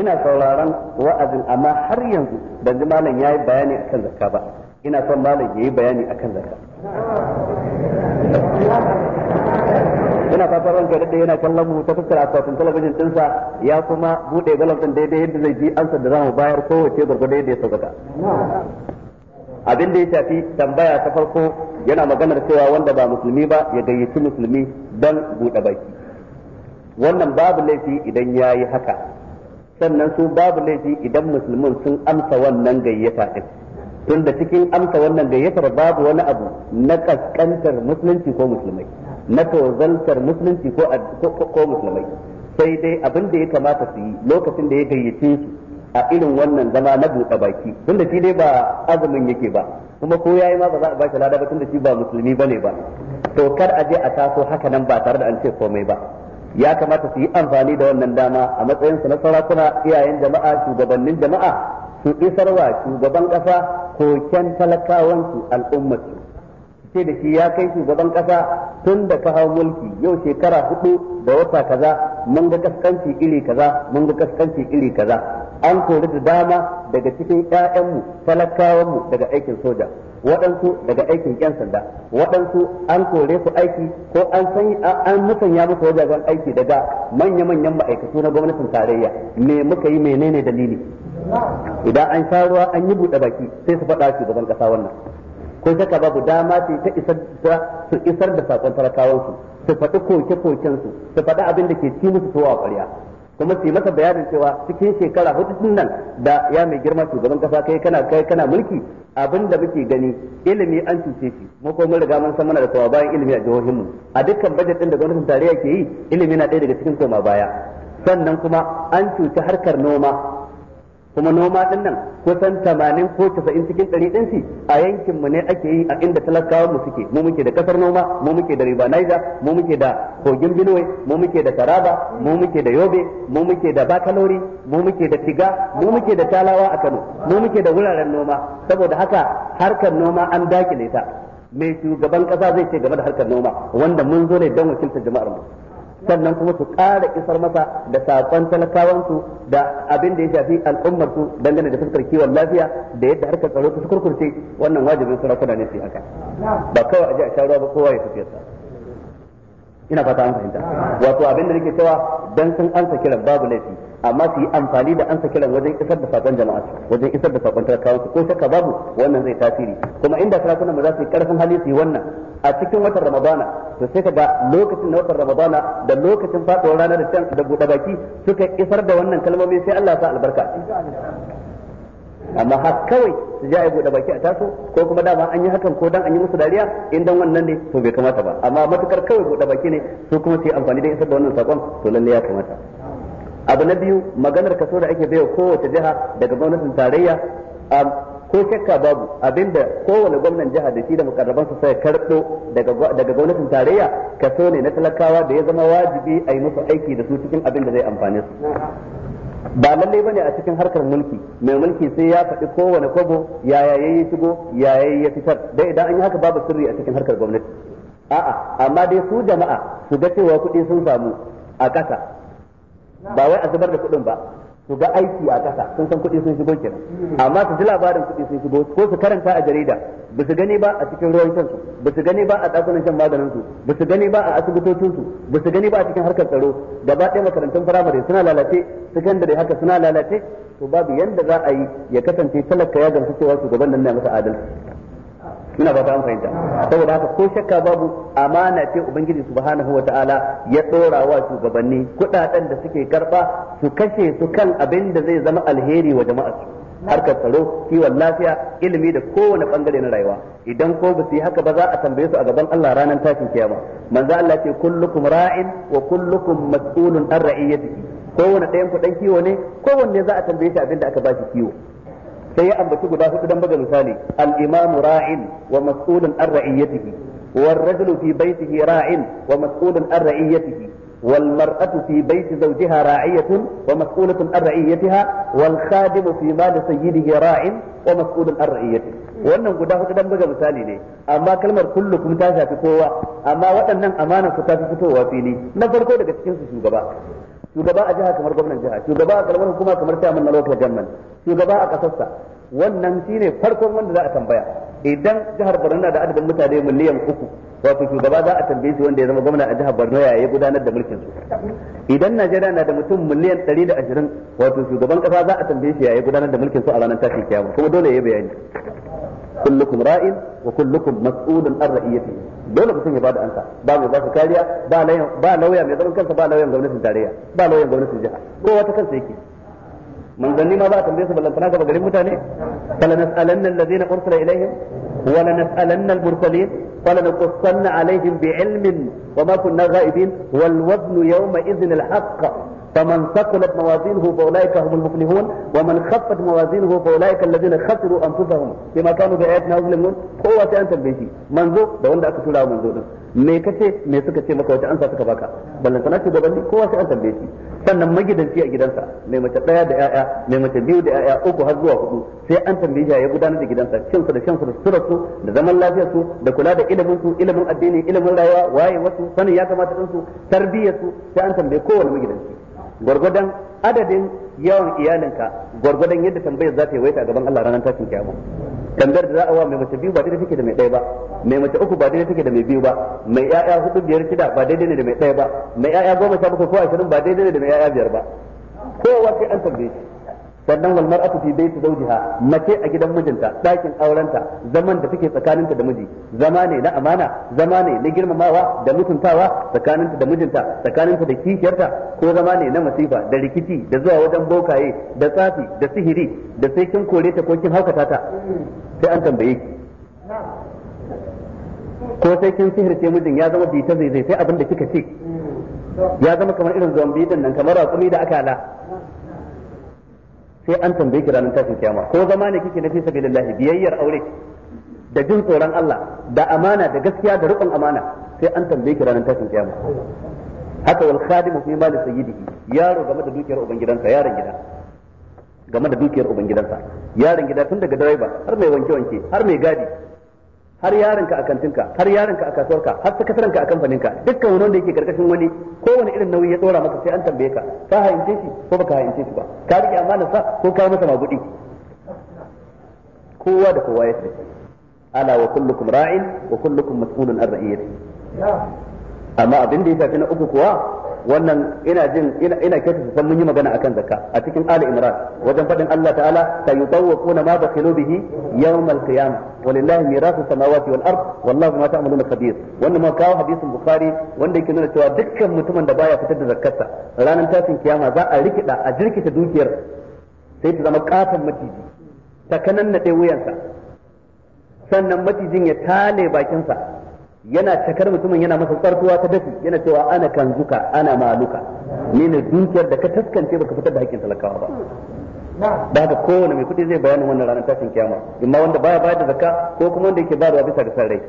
[SPEAKER 2] ina sauraron wa'azin amma har yanzu ban ji malam yayi bayani akan zakka ba ina son malam yayi bayani akan zakka ina fatan ranka da yana kallon mu ta fuskar akwatin talabijin dinsa ya kuma bude galabtin daidai yadda zai ji ansa da zamu bayar kowace gurgurdai da ya sauka abin da ya shafi tambaya ta farko yana maganar cewa wanda ba musulmi ba ya gayyaci musulmi don buɗe baki wannan babu laifi idan ya yi haka sannan su babu laifi idan musulmin sun amsa wannan gayyata ɗin tunda cikin amsa wannan gayyatar babu wani abu na ƙasƙantar musulunci ko musulmai na tozantar musulunci ko musulmai sai dai abin da ya kamata su yi lokacin da ya gayyace su a irin wannan zama na buɗe baki tunda shi dai ba azumin yake ba kuma ko yayi ma ba za a bashi lada ba tunda shi ba musulmi bane ba to kar a je a taso haka nan ba tare da an ce komai ba ya kamata su yi amfani da wannan dama a matsayin su na sarakuna iyayen jama'a shugabannin jama'a su isarwa shugaban kasa koken talakawansu al'ummarsu ce da shi ya kai shugaban kasa tun da ka hau mulki yau shekara hudu da wata kaza mun ga kaskanci iri kaza mun ga kaskanci iri kaza an kori da dama daga cikin ƴaƴanmu talakawanmu daga aikin soja waɗansu daga aikin ƴan sanda waɗansu an kore su aiki ko an san an musanya musu wajajen aiki daga manya-manyan ma'aikatu na gwamnatin tarayya me muka yi menene dalili idan an sha ruwa an yi buɗe baki sai su faɗa shi gaban ƙasa wannan ko shaka babu dama ce ta isar da su isar da sakon talakawansu su faɗi koke-kokensu su faɗi abin da ke ci musu towa ƙwarya kuma su yi masa bayanin cewa cikin shekara hudu din nan da ya mai girma shugaban kasa kai kana kai kana mulki abin da muke gani ilimi an cuce shi mu ko mun riga mun san mana da kowa bayan ilimi a jihohin mu a dukkan bajet din da gwamnatin tarayya ke yi ilimi na ɗaya daga cikin koma baya sannan kuma an cuci harkar noma kuma noma din nan kusan tamanin ko casa'in cikin ɗari ɗin ci a yankin mu ne ake yi a inda talakawa mu suke mu muke da kasar noma mu muke da riba mu muke da kogin binuwe mu muke da taraba mu muke da yobe mu muke da bakalori mu muke da tiga mu muke da talawa a kano mu muke da wuraren noma saboda haka harkar noma an dakile ta mai shugaban ƙasa zai ce game da harkar noma wanda mun zo ne don wakiltar jama'ar mu sannan kuma su ƙara isar masa da saƙon talakawansu da abin da ya shafi al'ummarsu su dangane da fuskar kiwon lafiya da yadda harkar tsaro ta kurkurce wannan wajibin sarakuna ne su haka ba kawai a ji a sha ruwa ba kowa ya tafiya sa ina fata an fahimta wato abin da nake cewa dan sun ansa kiran babu laifi amma su yi amfani da ansa kiran wajen isar da sakon jama'a wajen isar da sakon talakawa ko shakka babu wannan zai tasiri kuma inda sarakunan ba za su yi karfin hali su yi wannan a cikin watan ramadana to sai kaga lokacin na watan ramadana da lokacin faɗuwar rana da can da buɗe baki suka isar da wannan kalmomi sai Allah ya sa albarka amma har kawai su ja ya buɗe baki a taso ko kuma dama an yi hakan ko dan an yi musu dariya in dan wannan ne to bai kamata ba amma matukar kawai buɗe baki ne su kuma su yi amfani da isar da wannan sakon to lalle ya kamata abu na biyu maganar kaso da ake baiwa kowace jiha daga gwamnatin tarayya um, ko shakka babu abinda kowane gwamnan jiha da shi da su sai karɓo daga gwamnatin tarayya kaso ne na talakawa da ya zama wajibi a yi musu aiki da su cikin abin da zai amfane su ba lalle bane a cikin harkar mulki mai mulki sai ya faɗi kowane kwabo yaya yi shigo yaya ya fitar Da idan an yi haka babu sirri a cikin harkar gwamnati a'a amma dai su jama'a su ga cewa kuɗi sun samu a ƙasa ba wai a zubar da kuɗin ba su ga aiki a ƙasa sun san kuɗi sun shigo kenan amma su ji labarin kuɗi sun shigo ko su karanta a jarida ba su gani ba a cikin ruwan shan su ba su gani ba a ɗakunan shan maganin su ba su gani ba a asibitocin su ba su gani ba a cikin harkar tsaro gaba ɗaya makarantun firamare suna lalace sakandare haka suna lalace to babu yanda za a yi ya kasance talaka ya gamsu cewa shugaban nan na masa adalci ina ba ta fahimta saboda haka ko shakka babu amana ce ubangiji subhanahu wataala ya dora wa shugabanni kudaden da suke karba su kashe su kan abin da zai zama alheri wa jama'a su harkar tsaro kiwon lafiya ilimi da kowane bangare na rayuwa idan ko ba su yi haka ba za a tambaye su a gaban Allah ranar tashin kiyama manzo Allah ce kullukum ra'in wa kullukum mas'ulun an ra'iyatihi kowane ɗayan ku dan kiwo ne kowanne za a tambaye shi abin da aka ba shi kiwo sai ya ambaci guda hudu dan buga misali al-imamu ra'in wa mas'ulun an ra'iyatihi wal rajulu fi baytihi ra'in wa mas'ulun an ra'iyatihi wal mar'atu fi bayti zawjiha ra'iyatun wa mas'ulatun an ra'iyatiha wal khadimu fi mali sayyidihi ra'in wa mas'ulun an ra'iyatihi wannan guda hudu dan buga misali ne amma kalmar kullu kuma ta shafi kowa amma waɗannan amanar su ta fi fitowa fili na farko daga cikin su shugaba shugaba a jiha kamar gwamnan jiha shugaba a kalmar hukuma kamar chairman na local government shugaba a kasarsa wannan shine farkon wanda za a tambaya idan jihar Borno da adadin mutane miliyan uku wato shugaba za a tambaye shi wanda ya zama gwamna a jihar Borno ya gudanar da mulkin su idan Najeriya na da mutum miliyan ashirin wato shugaban kasa za a tambaye shi ya gudanar da mulkin su a ranar tashin kiyama kuma dole ya yi bayani kullukum ra'in wa kullukum mas'ulun an ra'iyati dole mutum ya bada ba mai ba su kariya ba lauya ba lauya mai zaman kansa ba lauyan gwamnatin tarayya ba lauyan gwamnatin jiha ko wata kansa yake manzanni ma ba a tambaye su ballantana gaba garin mutane fala nas'alanna alladhina ursila ilaihim wa la nas'alanna al-mursalin bi ilmin wa ma wal waznu فمن ثقلت موازينه فاولئك هم المفلحون ومن خفت موازينه فاولئك الذين خسروا انفسهم بما كانوا بآياتنا يظلمون kowa sai an tambaye shi manzo da wanda aka tura manzo din me kace me suka ce maka wata ansa suka baka ballan sana shugabanni kowa sai an tambaye shi sannan magidanci a gidansa mai mace daya da yaya mai mace biyu da yaya uku har zuwa hudu sai an tambaye shi ya gudanar da gidansa cin su da shan su da surar su da zaman lafiyar su da kula da ilimin su ilimin addini ilimin rayuwa waye wasu sanin ya kamata din su tarbiyyar su sai an tambaye kowanne magidanci gwargwadon adadin yawan iyalinka gwargwadon yadda tambayar za ta yi waita a gaban Allah ranar tashin kiyama tambayar da za a wa mai mace biyu ba daidai take da mai ɗaya ba mai mace uku ba daidai take da mai biyu ba mai ƴaƴa hudu biyar shida ba daidai ne da mai ɗaya ba mai ƴaƴa goma sha bakwai ko ashirin ba daidai ne da mai ƴaƴa biyar ba kowa sai an tambaye shi sannan wal mar'atu fi baiti zawjiha mace a gidan mijinta dakin aurenta zaman da take tsakaninta da miji zama ne na amana zama ne na girmamawa da mutuntawa tsakaninta da mijinta tsakaninta da kishiyarta ko zama ne na masifa da rikici da zuwa wajen bokaye da tsafi da sihiri da sai kin kore ta ko kin haukata ta sai an tambaye ki ko sai kin sihirce mijin ya zama bita zai zai sai abin da kika ce ya zama kamar irin zombi din nan kamar raƙumi da aka ala sai an tambaye ki ranar tashin kiyama ko zama ne kike nafi fi sabilillahi biyayyar aure da jin tsoron Allah da amana da gaskiya da rukun amana sai an tambaye ki ranar tashin kiyama haka wal khadimu fi mali sayyidihi yaro game da dukiyar ubangidansa yaron gida game da dukiyar ubangidansa yaron gida tun daga direba har mai wanke wanke har mai gadi har yaranka a kantinka har yaranka a kasuwarka har sakataranka a kamfaninka dukkan wani wanda yake karkashin wani kowane irin nauyi ya tsora maka sai an tambaye ka ka haince shi ko baka haince shi ba ka rike amanar sa ko ka masa magudi kowa da kowa ya sani ala wa kullukum ra'in wa kullukum mas'ulun an ra'iyati amma abin da ya shafi na uku kuwa wannan ina jin ina kyautu san mun yi magana akan zakka a cikin ali imran wajen fadin Allah ta'ala sayutawquna ma bakhilu bihi yawmal qiyamah walillahi mirasu samawati wal ard wallahu ma ta'maluna khabir wannan ma kawo hadisin bukhari wanda yake nuna cewa dukkan mutumin da baya fitar da zakkarsa ranar tashin kiyama za a rikida a jirkita dukiyar sai ta zama katon maciji ta kananna wuyansa sannan macijin ya tale bakinsa yana cakar mutumin yana masa tsartuwa ta dafi yana cewa ana zuka ana maluka ni ne dukiyar da ka taskance baka fitar da hakkin talakawa ba ba ga kowane mai kuɗi zai bayanin wannan ranar tashin kiyama amma wanda baya bayar da zakka ko kuma wanda yake bayarwa bisa ga san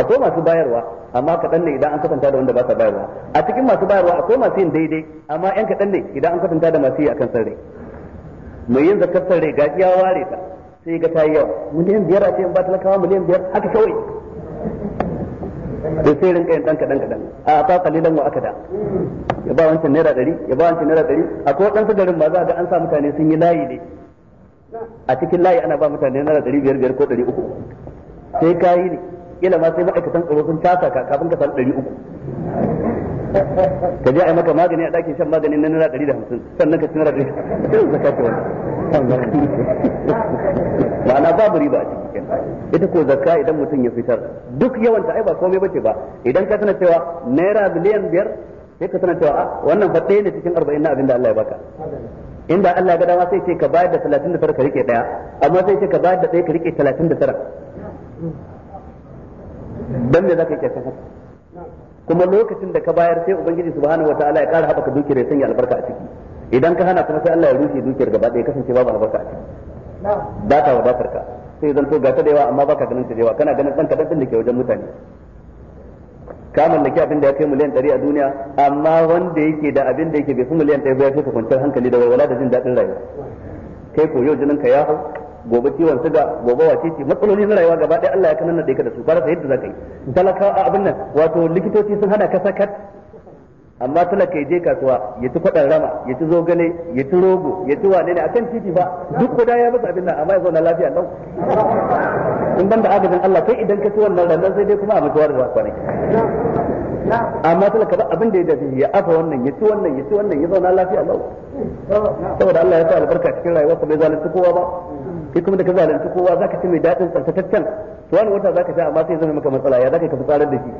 [SPEAKER 2] akwai masu bayarwa amma kaɗan ne idan an kasanta da wanda ba sa bayarwa a cikin masu bayarwa akwai masu yin daidai amma yan kaɗan ne idan an kasanta da masu yi akan san rai mai yin zakkar san ga iya ware ta sai ga ta yi yawa miliyan biyar a ce in ba talakawa miliyan biyar haka kawai da sai rinka yin dan kadan kadan a ta kalilan wa akada ya ba wancan naira dari ya ba wancan naira dari akwai wadansu garin ba za ga an sa mutane sun yi layi ne a cikin layi ana ba mutane naira dari biyar biyar ko uku, sai kayi ne ila ma sai ma'aikatan tsaro sun tasa ka kafin ka san uku. ka je a maka magani a ɗakin shan magani na naira ɗari da hamsin sannan ka ci naira ɗari sai zaka ce wani ma'ana babu riba a ciki ita ko zakka idan mutum ya fitar duk yawanta ai ba komai bace ba idan ka tana cewa naira biliyan biyar sai ka tana cewa a ah, wannan fa ɗaya ne cikin arba'in na abin da Allah ya baka inda Allah ga dama sai ce ka bayar da talatin da tara ka rike ɗaya amma sai ce ka bayar da ɗaya ka rike talatin da tara dan me zaka yi kyakkyakar kuma lokacin da ka bayar sai ubangiji subhanahu wataala ya kara haɓaka dukiyar ya sanya albarka a ciki idan ka hana kuma sai Allah ya rushe dukiyar gaba ɗaya kasance babu albarka a ciki ba ta wadatar ka sai zan to gata da yawa amma baka ganin ta da yawa kana ganin dan kadan din da ke wajen mutane ka mallaki abin da ya kai miliyan 100 a duniya amma wanda yake da abin da yake bai fi miliyan 100 ba ya fi kwanciyar hankali da walwala da jin daɗin rayuwa kai ko yau jinin ka ya hau gobe ciwon suga gobe wace ce matsaloli na rayuwa gaba ɗaya Allah ya kanan da ka da su fara rasa yadda za yi talaka a abin nan wato likitoci sun hada ka sakat amma talaka ya je kasuwa ya ci kwaɗan rama ya ci zogale ya ci rogo ya ci wane ne akan titi ba duk kuda ya masa abin nan amma ya zauna lafiya lau in ban da agajin Allah sai idan ka ci wannan rannan sai dai kuma a mutuwar da kwanaki amma talaka ba abin da ya dafi ya afa wannan ya ci wannan ya ci wannan ya zauna lafiya lau saboda Allah ya sa albarka cikin rayuwarsa bai zalunci kowa ba kai kuma da ka zalunci kowa zaka ci mai dadin tsaftataccen to wani wata zaka sha amma sai zama maka matsala ya zaka ka fitsarar da shi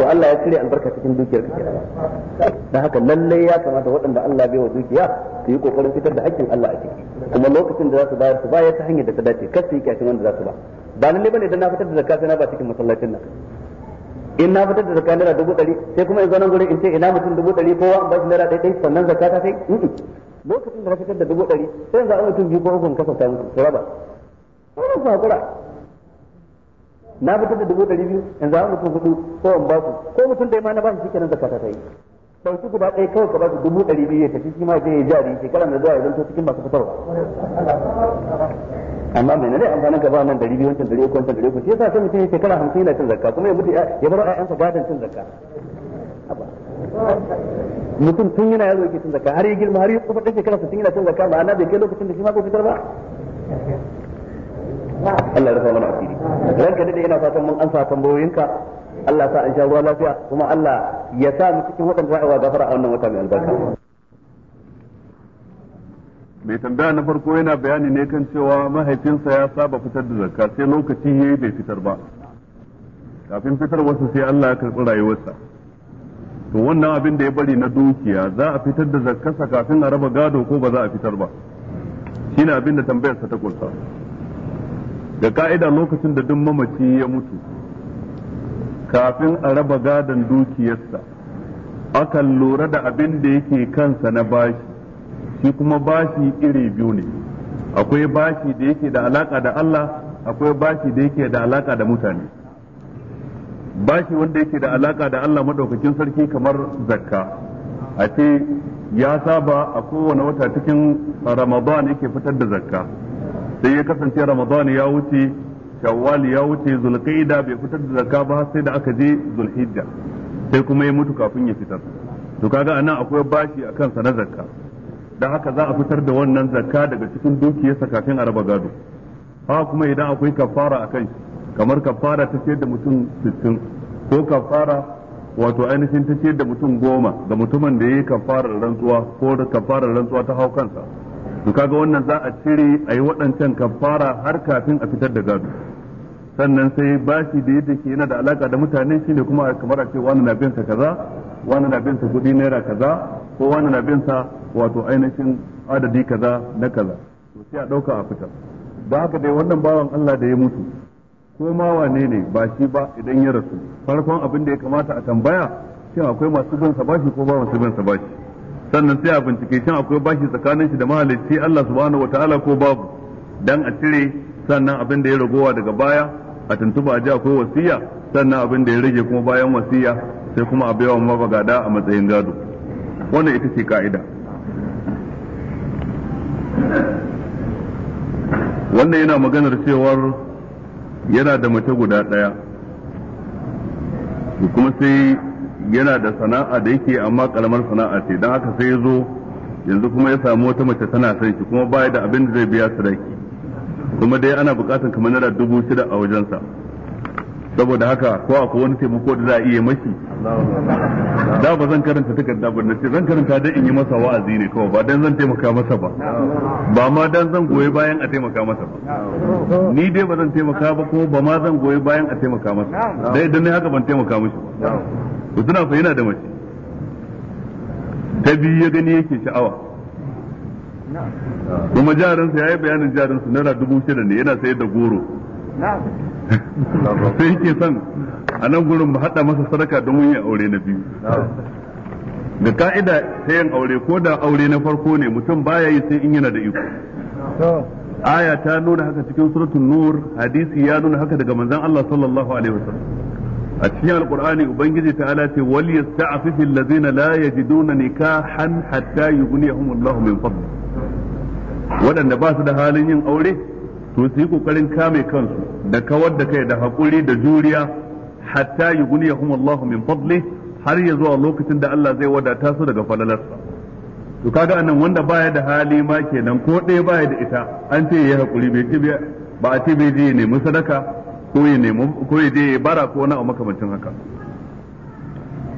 [SPEAKER 2] to Allah ya cire albarka cikin dukiyar ka da haka lalle ya kamata waɗanda Allah bai wa dukiya su yi kokarin fitar da hakkin Allah a ciki kuma lokacin da za su bayar su bayar ta hanyar da ta dace kar su yi kyashin wanda za su ba ba lalle bane idan na fitar da zakka sai na ba cikin masallacin nan in na fitar da zakka naira dubu ɗari sai kuma in zo nan gurin in ce ina mutum dubu ɗari kowa an ba shi naira ɗaya sannan zakka ta kai lokacin da ka fitar da dubu ɗari sai za an mutum biyu ko uku kasa musu su raba wannan su hakura na fitar da dubu ɗari biyu in za mutum hudu ko in ba ku ko mutum ɗaya ma na ba shi shikenan zakata ta yi ɗauki gaba ɗaya kawai ka ba su dubu ɗari biyu ya tafi shi ma zai ya jari shekaran da zuwa ya zanto cikin masu fitarwa amma mai nanai amfanin ka nan dari biyu wancan dari uku wancan dari uku shi yasa sai mutum ya shekara hamsin yana cin zakka kuma ya mutu ya bar ƴaƴansa gadon cin zakka mutum tun yana yazo yake cin zakka har ya girma har ya tsufa ɗan shekara tun yana cin zakka ma'ana bai kai lokacin da shi ma zai fitar ba Allah ya rufa mana asiri ranka dade ina fatan mun ansa tambayoyinka Allah sa an sha ruwa lafiya kuma Allah ya sa mu cikin waɗanda za a wa gafara a wannan wata mai albarka
[SPEAKER 1] mai tambaya na farko yana bayani ne kan cewa mahaifinsa ya saba fitar da zakka sai lokaci yayi bai fitar ba kafin fitar wasu sai Allah ya karɓi rayuwarsa to wannan abin da ya bari na dukiya za a fitar da zakkarsa kafin a raba gado ko ba za a fitar ba shine abin da tambayar sa ta kunsa da ka'ida lokacin da duk mamaci ya mutu kafin a raba gadon dukiyarsa akan lura da abin da yake kansa na bashi shi kuma bashi iri biyu ne akwai bashi da yake da alaka da Allah akwai bashi da yake da alaka da mutane bashi wanda yake da alaka da Allah madaukakin sarki kamar zakka a ce ya saba a kowane wata cikin ramadan yake fitar da zakka sai ya kasance ramadan ya wuce shawwal ya wuce zulqaida bai fitar da zakka ba sai da aka je zulhijja sai kuma ya mutu kafin ya fitar to kaga anan akwai bashi akan sa na zakka da haka za a fitar da wannan zakka daga cikin dukiyarsa kafin a raba gado haka kuma idan akwai kafara akan shi kamar kafara ta ce da mutum 60 ko kafara wato ainihin ta ce da mutum goma ga mutumin da ya yi kafarar rantsuwa ko da kafarar rantsuwa ta hau kansa to kaga wannan za a cire a yi waɗancan kafara har kafin a fitar da gado sannan sai bashi da yadda ke yana da alaka da mutane shine kuma kamar a ce wani na binsa kaza wani na binsa kudi naira kaza ko wani na binsa wato ainihin adadi kaza na kaza to sai a ɗauka a fitar ba haka dai wannan bawan Allah da ya mutu ko ma wane ne ba shi ba idan ya rasu farkon abin da ya kamata a tambaya shin akwai masu bin sa bashi ko ba masu bin sa bashi sannan sai a bincike shin akwai bashi tsakanin shi da mahalicci Allah subhanahu wataala ko babu dan a cire sannan abin da ya ragowa daga baya a tuntuba a ji akwai wasiya sannan abin da ya rage kuma bayan wasiya sai kuma a baiwa mabagada a matsayin gado wannan ita ce ka'ida wannan yana maganar cewar yana da mace guda ɗaya kuma sai yana da sana'a da yake amma karamar sana'a ce don haka sai ya zo yanzu kuma ya samu wata mace tana son shi kuma baya da abin da zai biya sadaki kuma dai ana bukatar kamar naira dubu shida a wajensa saboda haka ko akwai wani taimako da za a iya mashi da ba zan karanta takarda ba na ce zan karanta da in yi masa wa'azi ne kawai ba dan zan taimaka masa ba ba ma dan zan goyi bayan a taimaka masa ba ni dai ba zan taimaka ba ko ba ma zan goyi bayan a taimaka masa dai idan ne haka ban taimaka mashi ba suna fa yana da mace ta biyu ya gani yake sha'awa kuma jarinsa ya yi bayanin jarinsa naira dubu shida ne yana sayar da goro sai yake son a nan gurin ba haɗa masa sadaka don yin aure na biyu da ka'ida ta yin aure ko da aure na farko ne mutum baya yi sai in yana da iko aya ta nuna haka cikin suratun nur hadisi ya nuna haka daga manzan Allah sallallahu alaihi wasallam a cikin alqur'ani ubangiji ta'ala ce wal yasta'fifu allazina la yajiduna nikahan hatta yughniyahum Allahu min fadli waɗanda ba su da halin yin aure to su yi kokarin kame kansu da kawar da kai da hakuri da juriya hatta ya kuma Allah min fadli har ya zuwa lokacin da Allah zai wadata su daga falalarsa to kaga anan wanda baya da hali ma kenan ko ɗaya baya da ita an ce ya haƙuri bai ci ba a ce bai je ya nemi sadaka ko ya nemi ko ya je bara ko wani abu makamancin haka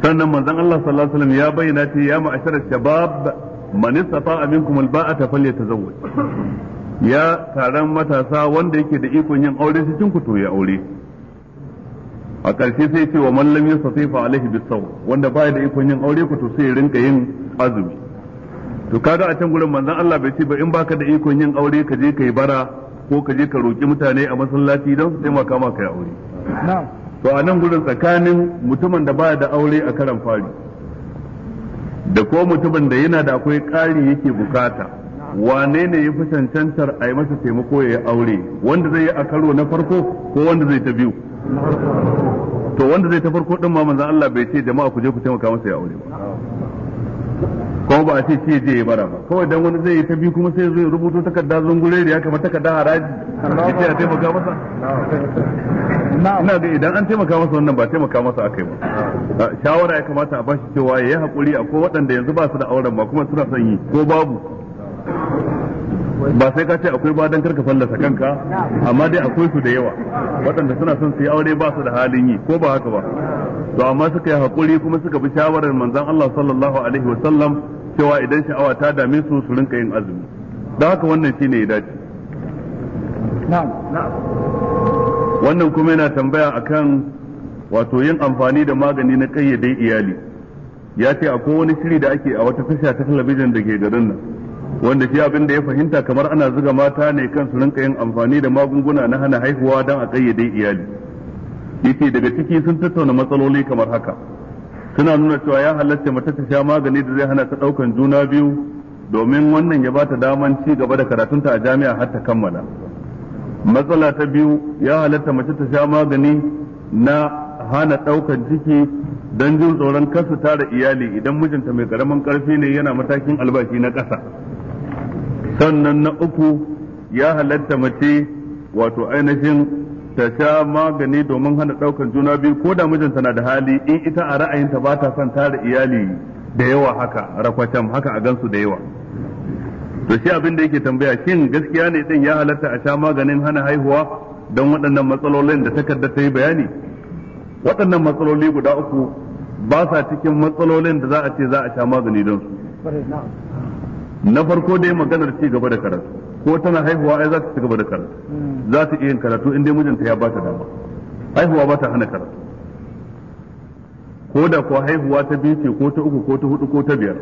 [SPEAKER 1] sannan manzon Allah sallallahu alaihi wasallam ya bayyana ce ya ma'ashara shabab man istata'a minkum alba'ata falyatazawwaj ya taron matasa wanda yake da ikon yin aure su cin kuto ya aure a ƙarshe sai ce wa mallam ya safi fa alaihi bisau wanda baya da ikon yin aure ku sai rinka yin azumi to kaga a can gurin manzon Allah bai ce ba in baka da ikon yin aure ka je kai bara ko ka je ka roki mutane a masallaci don su taimaka maka ya aure to a nan gurin tsakanin mutumin da baya da aure a karan fari da ko mutumin da yana da akwai ƙari yake bukata wane ne ya fi cancantar a yi masa taimako ya yi aure wanda zai yi a karo na farko ko wanda zai ta biyu to wanda zai ta farko din ma manzon Allah bai ce jama'a ku je ku taimaka masa ya aure ba kuma ba a ce ce je ya bara ba kawai dan wani zai yi ta biyu kuma sai zai rubuto takarda zungure da ya kamar takarda haraji ya ce a taimaka masa ina ga idan an taimaka masa wannan ba taimaka masa aka yi ba shawara ya kamata a bashi cewa ya yi a ko waɗanda yanzu ba su da auren ba kuma suna son yi ko babu ba sai ka ce akwai ba dan karka fallasa kanka amma dai akwai su da yawa waɗanda suna son su yi aure ba su da halin yi ko ba haka ba to amma suka yi hakuri kuma suka bi shawarar manzon Allah sallallahu alaihi wa sallam cewa idan sha'awa ta dame su su rinka yin azumi don haka wannan shine ya dace wannan kuma yana tambaya akan wato yin amfani da magani na kayyade iyali ya ce akwai wani shiri da ake a wata tasha ta talabijin da ke garin nan wanda shi abin da ya fahimta kamar ana zuga mata ne kan su rinka yin amfani da magunguna na hana haihuwa don a kayyade iyali yace daga ciki sun tattauna matsaloli kamar haka suna nuna cewa ya halatta mace ta sha magani da zai hana ta daukan juna biyu domin wannan ya bata daman ci gaba da karatunta a jami'a har ta kammala matsala ta biyu ya halatta mace ta sha magani na hana daukan ciki don jin tsoron kasu tara iyali idan mijinta mai karamin karfi ne yana matakin albashi na ƙasa sannan na uku ya halatta mace wato ainihin ta sha magani domin hana ɗaukar juna biyu ko da mijinta na da hali in ita a ra'ayinta ba ta son tara iyali da yawa haka rakwatam haka a gansu da yawa to shi abin da yake tambaya shin gaskiya ne din ya halatta a sha maganin hana haihuwa don waɗannan matsalolin da takardar ta yi bayani waɗannan matsaloli guda uku ba sa cikin matsalolin da za a ce za a sha magani don su na farko dai maganar ci gaba da karatu ko tana haihuwa ai za ta ci gaba da karatu hmm. za ta iya yin karatu in dai mijinta ya bata dama haihuwa ba ta hana karatu ko da kuwa haihuwa ta biyu ce ko ta uku ko ta hudu ko ta biyar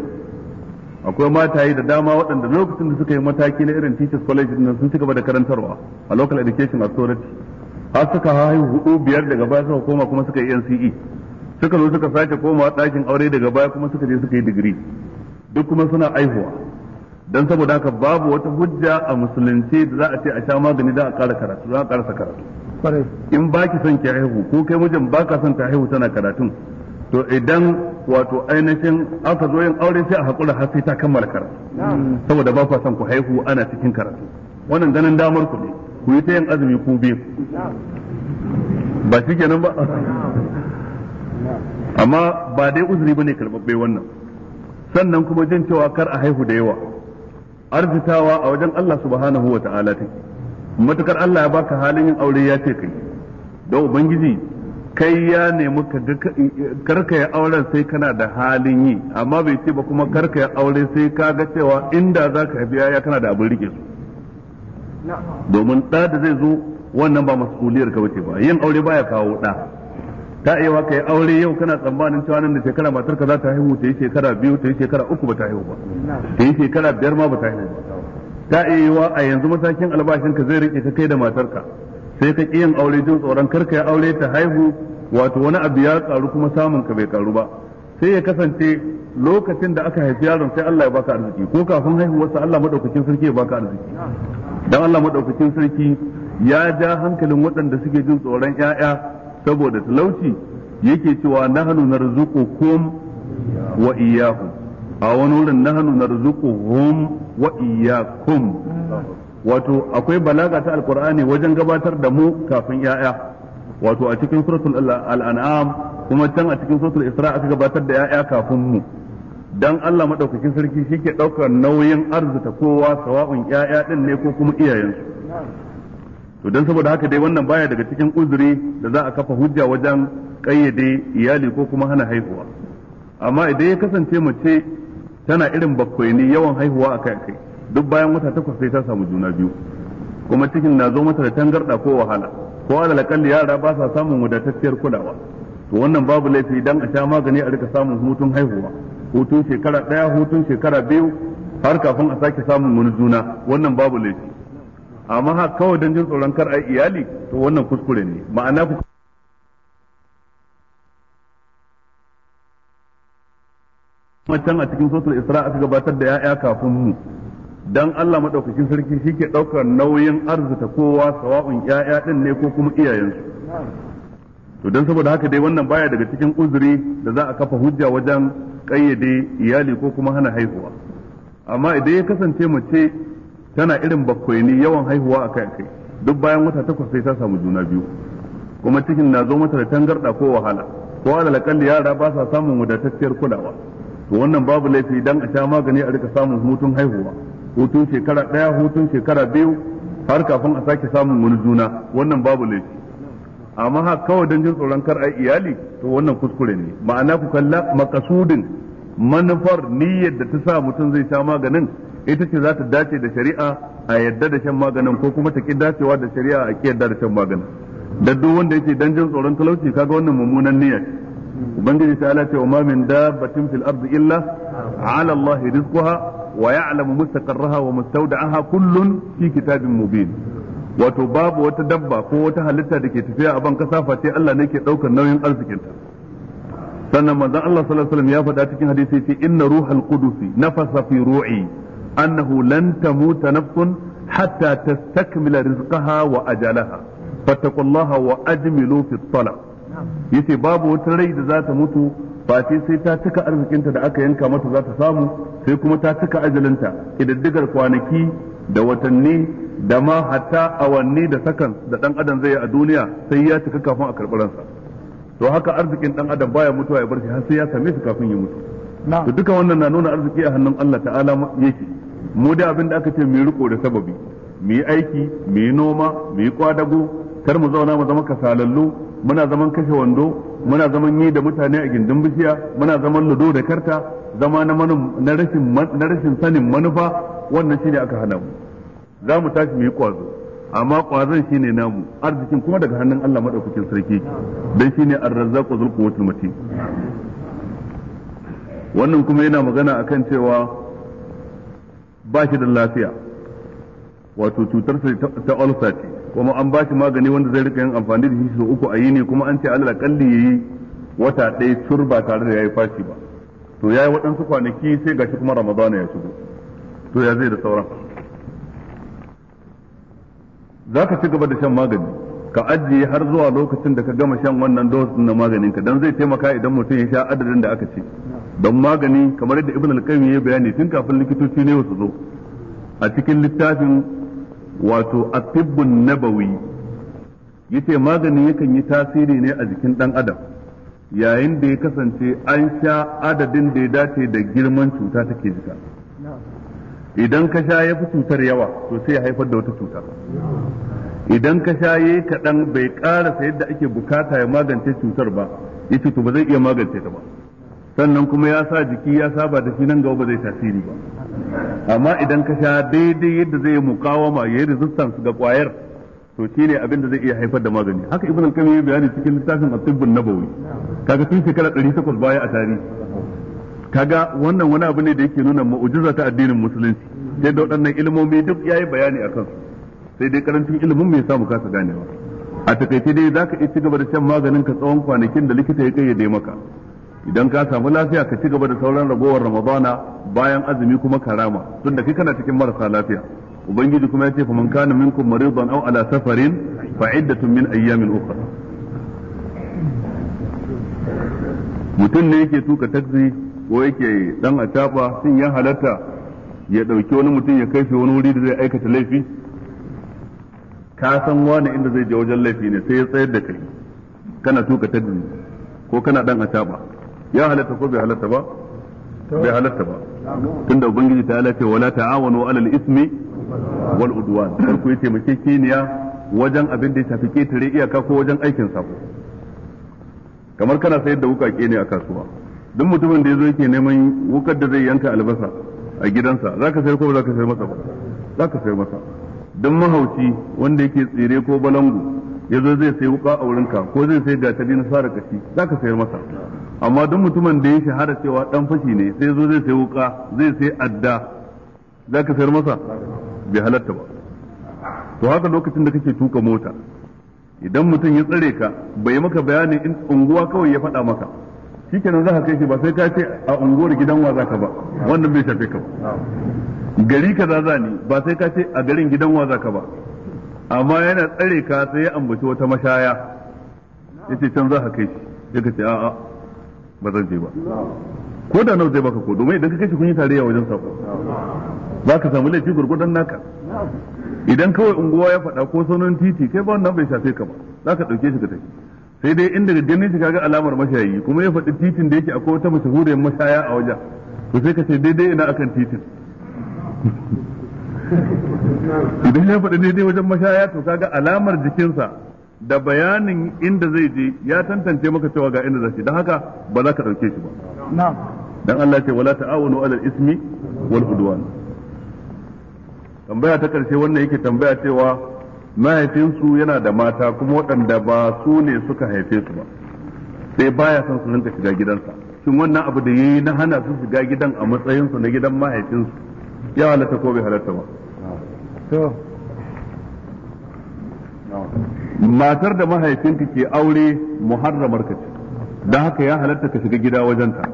[SPEAKER 1] akwai mataye da dama waɗanda lokacin da suka yi mataki na irin teachers college din sun ci gaba da karantarwa a local education authority har suka haihu hudu biyar daga baya suka koma kuma suka yi NCE suka zo suka sake koma ɗakin aure daga baya kuma suka je suka yi digiri duk kuma suna aihuwa dan saboda haka babu wata hujja a musulunci da za a ce a sha magani da a ƙara karatu za a ƙarasa karatu in ba ki son ki haihu ko kai mijin ba ka son ta haihu tana karatun to idan wato ainihin aka zo yin aure sai a haƙura har sai ta kammala karatu saboda ba ku son ku haihu ana cikin karatu wannan ganin damar ku ne ku yi ta yin azumi ku biyu ba shi kenan ba amma ba dai uzuri bane karɓaɓɓe wannan sannan kuma jin cewa kar a haihu da yawa arzitawa a wajen Allah subhanahu wa ta'ala take matukar Allah ya baka halin yin aure ya ce kai da ubangiji kai ya nemi karka ya auren sai kana da halin yi amma bai ce ba kuma karka ya aure sai ka ga cewa inda za ka haifi ya kana da abin rike su domin ɗa da zai zo wannan ba masuliyar ka bace ba yin aure baya kawo ɗa ta iya ka yi aure yau kana tsammanin cewa nan da shekara matar ka za ta haihu ta yi shekara biyu ta yi shekara uku ba ta haihu ba ta yi shekara biyar ma ba ta haihu ta iya a yanzu matakin albashin ka zai rike ka kai da matar ka sai ka yin aure jin tsoron kar ka yi aure ta haihu wato wani abu ya karu kuma samun ka bai karu ba sai ya kasance lokacin da aka haifi yaron sai Allah ya baka arziki ko kafin haihuwarsa Allah madaukakin sarki ya baka arziki dan Allah madaukakin sarki ya ja hankalin waɗanda suke jin tsoron ƴaƴa. saboda talauci yake cewa nahnu narzuqukum wa iyyakum a wani wurin nahnu narzuquhum wa iyyakum wato akwai balaga ta alqur'ani wajen gabatar da mu kafin yaya wato a cikin suratul al'an'am kuma can a cikin suratul isra aka gabatar da yaya kafin mu dan Allah madaukakin sarki shi ke daukar nauyin arzuta kowa sawa'un yaya din ne ko kuma iyayensu to dan saboda haka dai wannan baya daga cikin uzuri da za a kafa hujja wajen kayyade iyali ko kuma hana haihuwa amma idan ya kasance mace tana irin bakwai ne yawan haihuwa akai akai duk bayan wata takwas sai ta samu juna biyu kuma cikin na zo mata da tangarda ko wahala ko alal yara ba sa samun wadatacciyar kulawa to wannan babu laifi idan a sha magani a rika samun hutun haihuwa hutun shekara ɗaya hutun shekara biyu har kafin a sake samun wani juna wannan babu laifi amma ha kawai don jin tsoron kar a iyali to wannan kuskure ne ma'ana ku can a cikin sosul isra aka gabatar da ya'ya kafin mu dan Allah madaukakin sarki shike daukar nauyin arzuta kowa sawa'un ya'ya din ne ko kuma iyayensu to dan saboda haka dai wannan baya daga cikin uzuri da za a kafa hujja wajen kayyade iyali ko kuma hana haihuwa amma idan ya kasance mace tana irin bakwai bakwaini yawan haihuwa a akai kai, duk bayan wata takwas sai ta samu juna biyu kuma cikin na zo mata da tangarda ko wahala ko alal yara ba sa samun wadatacciyar kulawa to wannan babu laifi dan a sha magani a rika samun hutun haihuwa hutun shekara daya hutun shekara biyu har kafin a sake samun wani juna wannan babu laifi amma ha kawai don jin tsoron kar ai iyali to wannan kuskure ne ma'ana ku kalla makasudin manufar niyyar da ta sa mutum zai sha maganin ita ce za ta dace da shari'a a yadda da shan maganin ko kuma ta ki dacewa da shari'a a ki yadda da shan maganin da duk wanda yake dan jin tsoron talauci kaga wannan mummunan niyya ce ubangiji ta ala ce wa ma min dabbatin fil ardi illa ala allahi rizquha wa ya'lamu mustaqarraha wa mustawda'aha kullun fi kitabin mubin wato babu wata dabba ko wata halitta da ke tafiya a ban kasa face Allah ne ke daukar nauyin arzikinta sannan manzon Allah sallallahu alaihi wasallam ya faɗa cikin hadisi ce inna ruhal qudusi nafasa fi ru'i annahu lan tamuta nafsun hatta tastakmila rizqaha wa ajalaha fattaqullaha wa ajmilu fi talab yace babu wata rai da zata mutu Fati sai ta cika arzikinta da aka yanka mata zata samu sai kuma ta cika ajalinta kididdigar kwanaki da watanni da ma hatta awanni da sakan da dan adam zai yi a duniya sai ya cika kafin a karɓi ransa to haka arzikin dan adam baya mutuwa ya bar shi har sai ya same shi kafin ya mutu to duka wannan na nuna arziki a hannun Allah ta'ala yake mu da abin da aka ce mu riko da sababi mu yi aiki mu yi noma mu yi kwadago kar mu zauna mu zama kasalallu muna zaman kashe wando muna zaman yi da mutane a gindin bishiya muna zaman ludo da karta zama na rashin na rashin sanin manufa wannan shine aka hana mu za mu tashi mu yi kwazo amma kwazon shine namu arzikin kuma daga hannun Allah madaukakin sarki dan shine ar-razzaqu dhul matin wannan kuma yana magana akan cewa ba shi da lafiya wato cutar ta ulcer ce kuma an ba shi magani wanda zai rika yin amfani da shi sau uku a ne kuma an ce alal kalli yayi wata ɗaya tur ba tare da yayi fashi ba to yayi waɗansu kwanaki sai gashi kuma ramadana ya shigo to ya zai da sauran za ka ci gaba da shan magani ka ajiye har zuwa lokacin da ka gama shan wannan dose na maganinka dan zai taimaka idan mutum ya sha adadin da aka ce don magani kamar yadda ibn al-qayyim ya bayani tun kafin likitoci ne su zo a cikin littafin wato at na nabawi yace magani yakan yi tasiri ne a jikin dan adam yayin da ya kasance an sha adadin da ya dace da girman cuta take jika idan ka sha ya fi cutar yawa to sai ya haifar da wata cuta idan ka sha ya kaɗan bai ƙarasa yadda ake bukata ya magance cutar ba yace to ba zai iya magance ta ba sannan kuma ya sa jiki ya saba da shi nan gaba ba zai tasiri ba amma idan ka sha daidai yadda zai mukawama yi resistance ga kwayar to shine abin da zai iya haifar da magani haka ibn al ya bayani cikin littafin at an nabawi kaga tun shekara 1800 baya a tarihi kaga wannan wani abu ne da yake nuna mu'jiza ta addinin musulunci sai da waɗannan ilmomi duk yayi bayani akan su sai dai karancin ilimin mai samu kasa ganewa a takaice dai zaka iya ci gaba da shan maganin ka tsawon kwanakin da likita ya kayyade maka idan ka samu lafiya ka ci gaba da sauran ragowar ramadana bayan azumi kuma karama tun da kai kana cikin marasa lafiya ubangiji kuma ya ce fa man kana minkum maridan aw ala safarin fa iddatun min ayyamin ukhra mutum ne yake tuka taxi ko yake dan atafa sun ya halatta ya dauki wani mutum ya kai shi wani wuri da zai aikata laifi ka san wani inda zai je wajen laifi ne sai ya tsayar da kai kana tuka taxi ko kana dan ataba ya halatta ko bai halatta ba bai halatta ba tunda ubangiji ta halatta wala ta'awanu alal ismi wal udwan kar ku taimake kiniya wajen abin da ya shafi ketare iyaka ko wajen aikin sako kamar kana sayar da wuka ne a kasuwa duk mutumin da ya zo yake neman wukar da zai yanka albasa a gidansa za ka sayar ko ba za ka sayar masa ba za ka sayar masa don mahauci wanda yake tsire ko balangu ya zo zai sayi wuka a wurinka ko zai sayi gatari na sara kashi za ka sayar masa amma duk mutumin da ya shahara cewa dan fashi ne sai zo zai sai wuka zai sai adda za ka sayar masa bai halatta ba to haka lokacin da kake tuka mota idan mutum ya tsare ka bai maka bayani in unguwa kawai ya faɗa maka shikenan za ka kai shi ba sai ka ce a unguwar gidan wa za ka ba wannan bai shafe ka ba gari kaza za ni ba sai ka ce a garin gidan wa za ka ba amma yana tsare ka sai ya ambaci wata mashaya yace can za ka kai shi ya ce a'a ba zan je ba ko da nawa zai baka ko domin idan ka kashe kun yi tarayya wajen sako za ka samu laifi gurgudan naka idan kawai unguwa ya faɗa ko sanon titi kai ba wannan bai shafe ka ba za ka ɗauke shi ka tafi sai dai inda da ganin shi kaga alamar mashayi kuma ya faɗi titin da yake akwai wata mashahuriyar mashaya a wajen to sai ka ce daidai ina akan titin idan ya faɗi daidai wajen mashaya to kaga alamar jikinsa da bayanin inda zai je ya tantance maka cewa ga inda zai don haka ba za ka ɗauke shi ba dan Allah ce wala ta'awunu alal ismi wal udwan tambaya ta karshe wannan yake tambaya cewa mahaifinsu yana da mata kuma waɗanda ba su ne suka haife su ba sai baya son su rinka shiga gidansa shin wannan abu da yayi na hana su shiga gidan a matsayinsu na gidan mahaifinsu ya halatta ko bai halatta ba to matar da mahaifinta ke aure muharramar ka ce don haka ya halatta ka shiga gida wajenta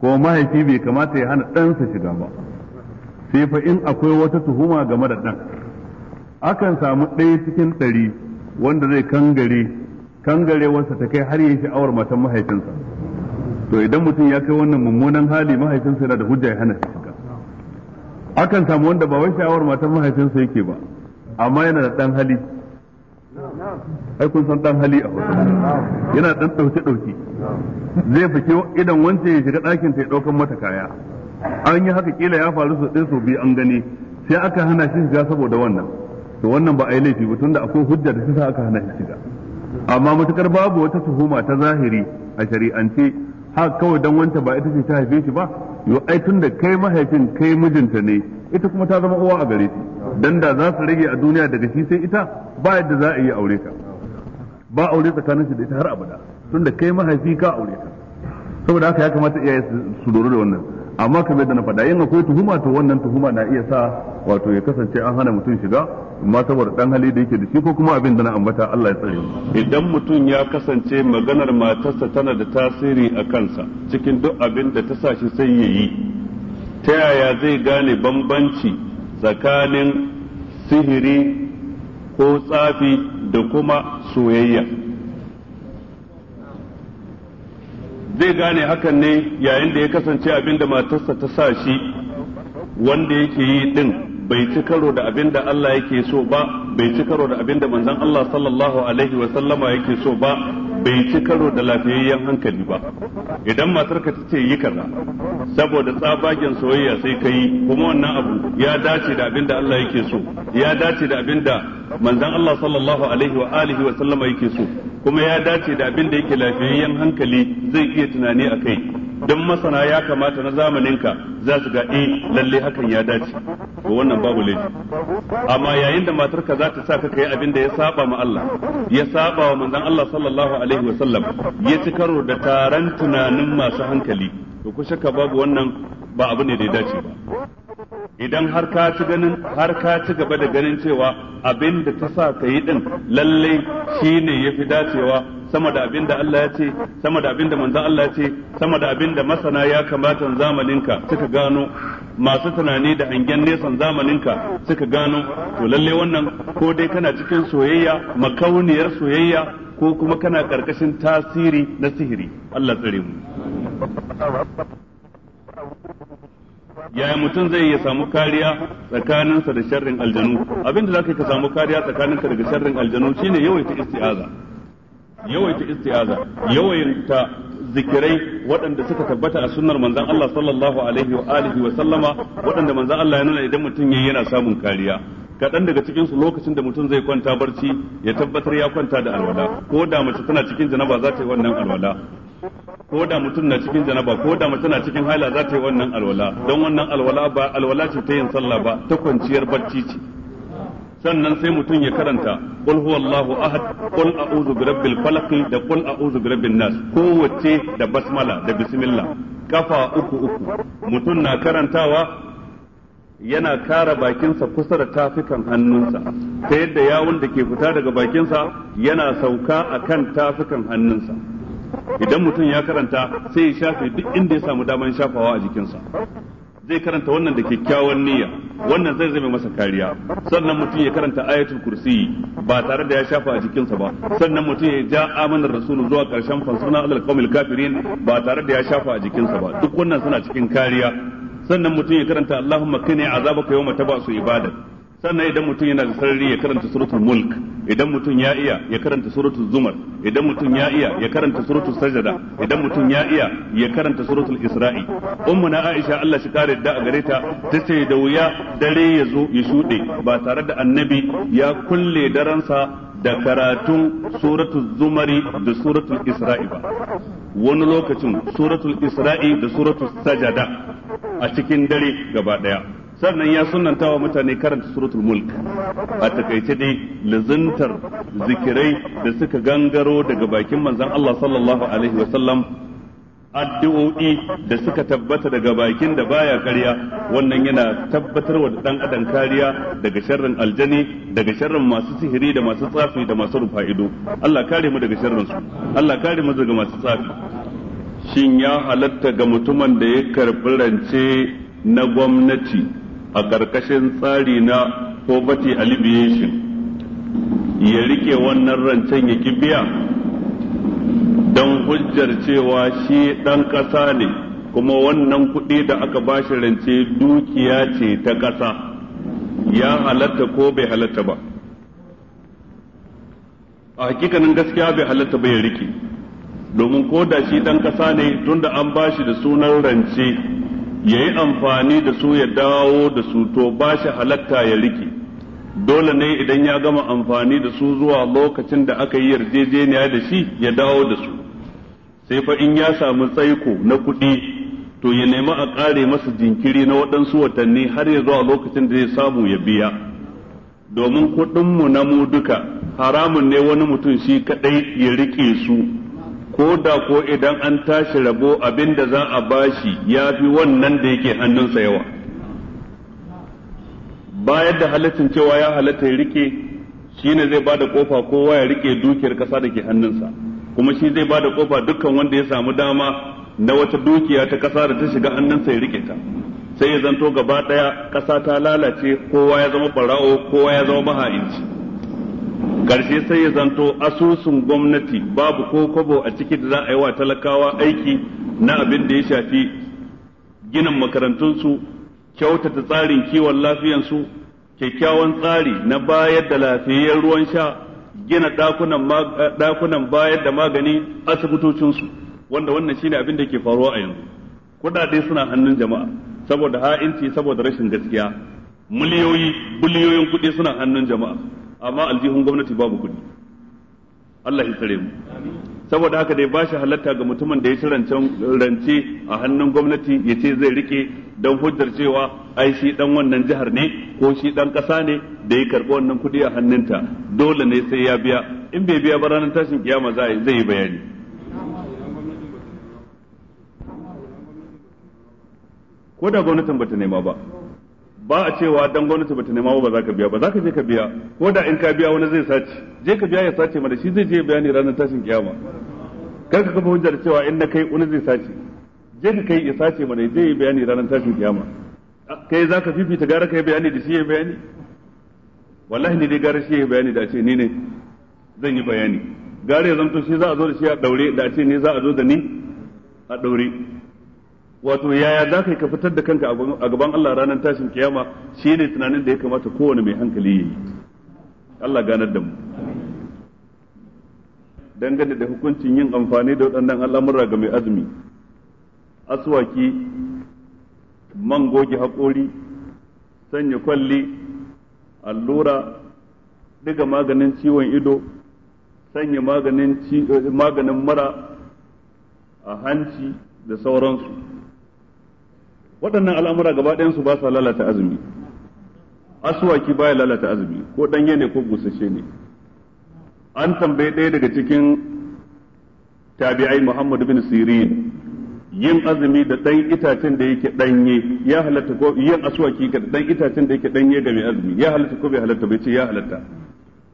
[SPEAKER 1] ko mahaifi bai kamata ya hana ɗansa shiga ba sai fa in akwai wata tuhuma game da ɗan akan samu ɗaya cikin ɗari wanda zai kangare wansa ta kai har yi sha'awar matan mahaifinsa to idan mutum ya kai wannan mummunan hali mahaifinsa yana da hujja ya hana shiga akan samu wanda ba wai sha'awar matan mahaifinsa yake ba amma yana da ɗan hali ai kun san dan hali a wasu yana dan dauke dauke zai fice idan wance ya shiga ɗakin ta ya daukan mata kaya an yi haka kila ya faru su ɗin su biyu an gani sai aka hana shi shiga saboda wannan to wannan ba a yi laifi ba tunda akwai hujja da shi aka hana shi shiga amma matukar babu wata tuhuma ta zahiri a shari'ance ha kawai dan wanta ba ita ce ta haife shi ba yo ai tunda kai mahaifin kai mijinta ne ita kuma ta zama uwa a gare shi dan da za su rage a duniya daga shi sai ita ba yadda za a yi aure ka ba aure tsakanin shi da ita har abada tunda kai mahaifi ka aure ta saboda haka ya kamata iyaye su doro da wannan amma kamar da na faɗa yin akwai tuhuma to wannan tuhuma na iya sa wato ya kasance an hana mutum shiga amma saboda dan hali da yake da shi ko kuma abin da na ambata Allah ya tsare idan mutum ya kasance maganar matarsa tana da tasiri a kansa cikin duk abin da ta sa shi sai ya yi ta yaya zai gane bambanci tsakanin sihiri ko tsafi da kuma soyayya zai gane hakan ne yayin da ya kasance abin da matarsa ta sa shi wanda yake yi din bai ci karo da abin da Allah yake so ba bai ci karo da abin da manzon Allah sallallahu alaihi wa sallama yake so ba bai ci karo da lafiyayyen hankali ba idan matarka ta ce yi kaza saboda tsabagen soyayya sai ka yi kuma wannan abu ya dace da abin da Allah yake so ya dace da abin da manzon Allah sallallahu alaihi wa alihi wa sallama yake so kuma ya dace da abin da yake lafiyayyen hankali zai iya tunani a kai don masana ya kamata na zamaninka za su ga e lalle hakan ya dace to wannan babu laifi amma yayin da matarka za ta sa ka kai abin da ya saba ma Allah ya saba wa manzon Allah sallallahu alaihi wa ya ci karo da taron tunanin masu hankali to ku shakka babu wannan ba abu ne da ya dace ba idan har ka ci ganin har ka ci gaba da ganin cewa abin da ta sa ka yi din lalle shine yafi dacewa sama da abin da Allah ya ce sama da abin da manzon Allah ya ce sama da abin da masana ya kamata zamaninka suka gano masu tunani da hangen nesan ka suka gano to lalle wannan ko dai kana cikin soyayya makauniyar soyayya ko kuma kana karkashin tasiri na sihiri Allah tsare mu yaya mutum zai ya samu kariya tsakaninsa da sharrin aljanu da zaka ka samu kariya tsakaninka daga sharrin aljanu shine yawaita isti'aza yawaita isti'aza yawaita zikirai waɗanda suka tabbata a sunnar manzon Allah sallallahu alaihi wa alihi wa sallama waɗanda manzon Allah ya nuna idan mutum yayi yana samun kariya kaɗan daga cikinsu lokacin da mutum zai kwanta barci ya tabbatar ya kwanta da alwala ko da mace tana cikin janaba za ta yi wannan alwala ko da mutum na cikin janaba ko da mace na cikin haila za ta yi wannan alwala don wannan alwala ba alwala ce ta yin sallah ba ta kwanciyar barci ce sannan sai mutum ya karanta qul huwallahu ahad qul a'udhu birabbil falaq da qul a'udhu birabbin nas kowace da basmala da bismillah kafa uku uku mutum na karantawa yana kara bakinsa kusa da tafikan hannunsa ta yadda yawon da ke fita daga bakinsa yana sauka a kan tafikan hannunsa idan mutum ya karanta sai ya shafe duk inda ya samu damar shafawa a jikinsa zai karanta wannan da kyakkyawan niyya wannan zai zame masa kariya sannan mutum ya karanta ayatul kursi ba tare da ya shafa a jikinsa ba sannan mutum ya ja amanar rasul zuwa karshen fansuna alal kafirin ba tare da ya shafa a jikinsa ba duk wannan suna cikin kariya sannan mutum ya karanta Allahumma kini azabaka yawma tabasu ibada sannan idan mutum yana da sarari ya karanta suratul mulk idan mutum ya iya ya karanta suratul zumar idan mutum ya iya ya karanta suratul sajada idan mutum ya iya ya karanta suratul isra'i ummu na aisha Allah shi kare da a gare ta tace da wuya dare ya zo ya shude ba tare da annabi ya kulle daransa da karatun suratul zumari da suratul isra'i ba wani lokacin suratul isra'i da suratul sajada a cikin dare gaba daya sannan ya sunanta wa mutane karanta suratul mulk a takaice dai lazantar zikirai da suka gangaro daga bakin manzon Allah sallallahu alaihi sallam addu'o'i da suka tabbata daga bakin da baya karya wannan yana tabbatar wa dan adam kariya daga sharrin aljani daga sharrin masu sihiri da masu tsafi da masu ido Allah kare mu daga sharrin su Allah kare mu daga masu tsafi shin ya halatta ga mutumin da ya karbi rance na gwamnati a karkashin tsari na poverty alleviation ya rike wannan rancen ya biya. don hujjar cewa shi ɗan ƙasa ne kuma wannan kuɗi da aka ba shi rance dukiya ce ta ƙasa ya halatta ko bai halatta ba a hakikanin gaskiya bai halatta ba ya riki domin ko da shi ɗan ƙasa ne tunda an ba shi da sunan rance ya yi amfani da su ya dawo da su to ba shi halatta ya rike dole ne idan ya gama amfani da su zuwa lokacin da aka yi yarjejeniya da shi ya dawo da su sai fa in ya samu tsaiko na kuɗi to ya nemi a ƙare masa jinkiri na waɗansu watanni har ya zuwa lokacin da zai samu ya biya domin kuɗinmu na mu duka haramun ne wani mutum shi kaɗai ya riƙe su ko da ko idan an tashi rabo abin da za a bashi ya fi wannan da yake hannunsa yawa bayan da halaccin cewa ya halatta ya rike shine zai ba da kofa kowa ya rike dukiyar kasa da ke hannunsa kuma shi zai ba da kofa dukkan wanda ya samu dama na wata dukiya ta kasa da ta shiga hannunsa ya rike ta sai ya zanto gaba daya kasa ta lalace kowa ya zama barao kowa ya zama maha'inci karshe sai ya zanto asusun gwamnati babu ko kwabo a ciki da za a yi wa talakawa aiki na abin da ya shafi ginin makarantunsu kyautata tsarin kiwon lafiyansu kyakkyawan tsari na bayar da lafiyayyen ruwan sha gina dakunan eh, bayar da magani asibitocinsu wanda wannan shine abin da ke faruwa a yanzu kudade suna hannun jama'a saboda ha'inci saboda rashin gaskiya miliyoyi biliyoyin kuɗi suna hannun jama'a amma aljihun gwamnati babu kuɗi Allah ya tsare mu saboda haka dai ba shi halatta ga mutumin da ya ci rance a hannun gwamnati ya ce zai rike don hujjar cewa ai shi dan wannan jihar ne ko shi dan kasa ne da ya karbi wannan kuɗi a hannunta dole ne sai ya biya in bai biya ba ranar tashin kiyama zai yi bayani ko da gwamnatin bata nema ba ba a cewa dan gwamnati bata nema ba za ka biya ba za ka je ka biya ko da in ka biya wani zai sace je ka biya ya sace mana shi zai je bayani ranar tashin kiyama kar ka kafa hujjar cewa in na kai wani zai sace je ka kai ya sace mana zai yi bayani ranar tashin kiyama kai za ka fifita gara ka yi bayani da shi ya bayani wallahi ne dai gara shi ya bayani da ce ni ne zan yi bayani gara ya zanto shi za a zo da shi a daure da ce ni za a zo da ni a daure wato yaya za ka yi ka fitar da kanka a gaban Allah ranar tashin kiyama shi ne tunanin da ya kamata kowane mai hankali ya yi Allah ganar da mu dangane da hukuncin yin amfani da waɗannan al'amura ga mai azumi aswaki man goge haƙori sanya kwalli allura diga maganin ciwon ido sanya maganin mara a hanci da sauransu waɗannan al'amura gaba ɗayan su ba sa lalata azumi asuwaki baya lalata azumi ko ɗanye ne ko gusashe ne an tambaye ɗaya daga cikin tabi'ai Muhammad bin Sirin yin azumi da ɗan itacen da yake ɗanye ya halatta ko yin asuwaki ga ɗan itacen da yake ɗanye ga mai azumi ya halatta ko bai halatta bai ce ya halatta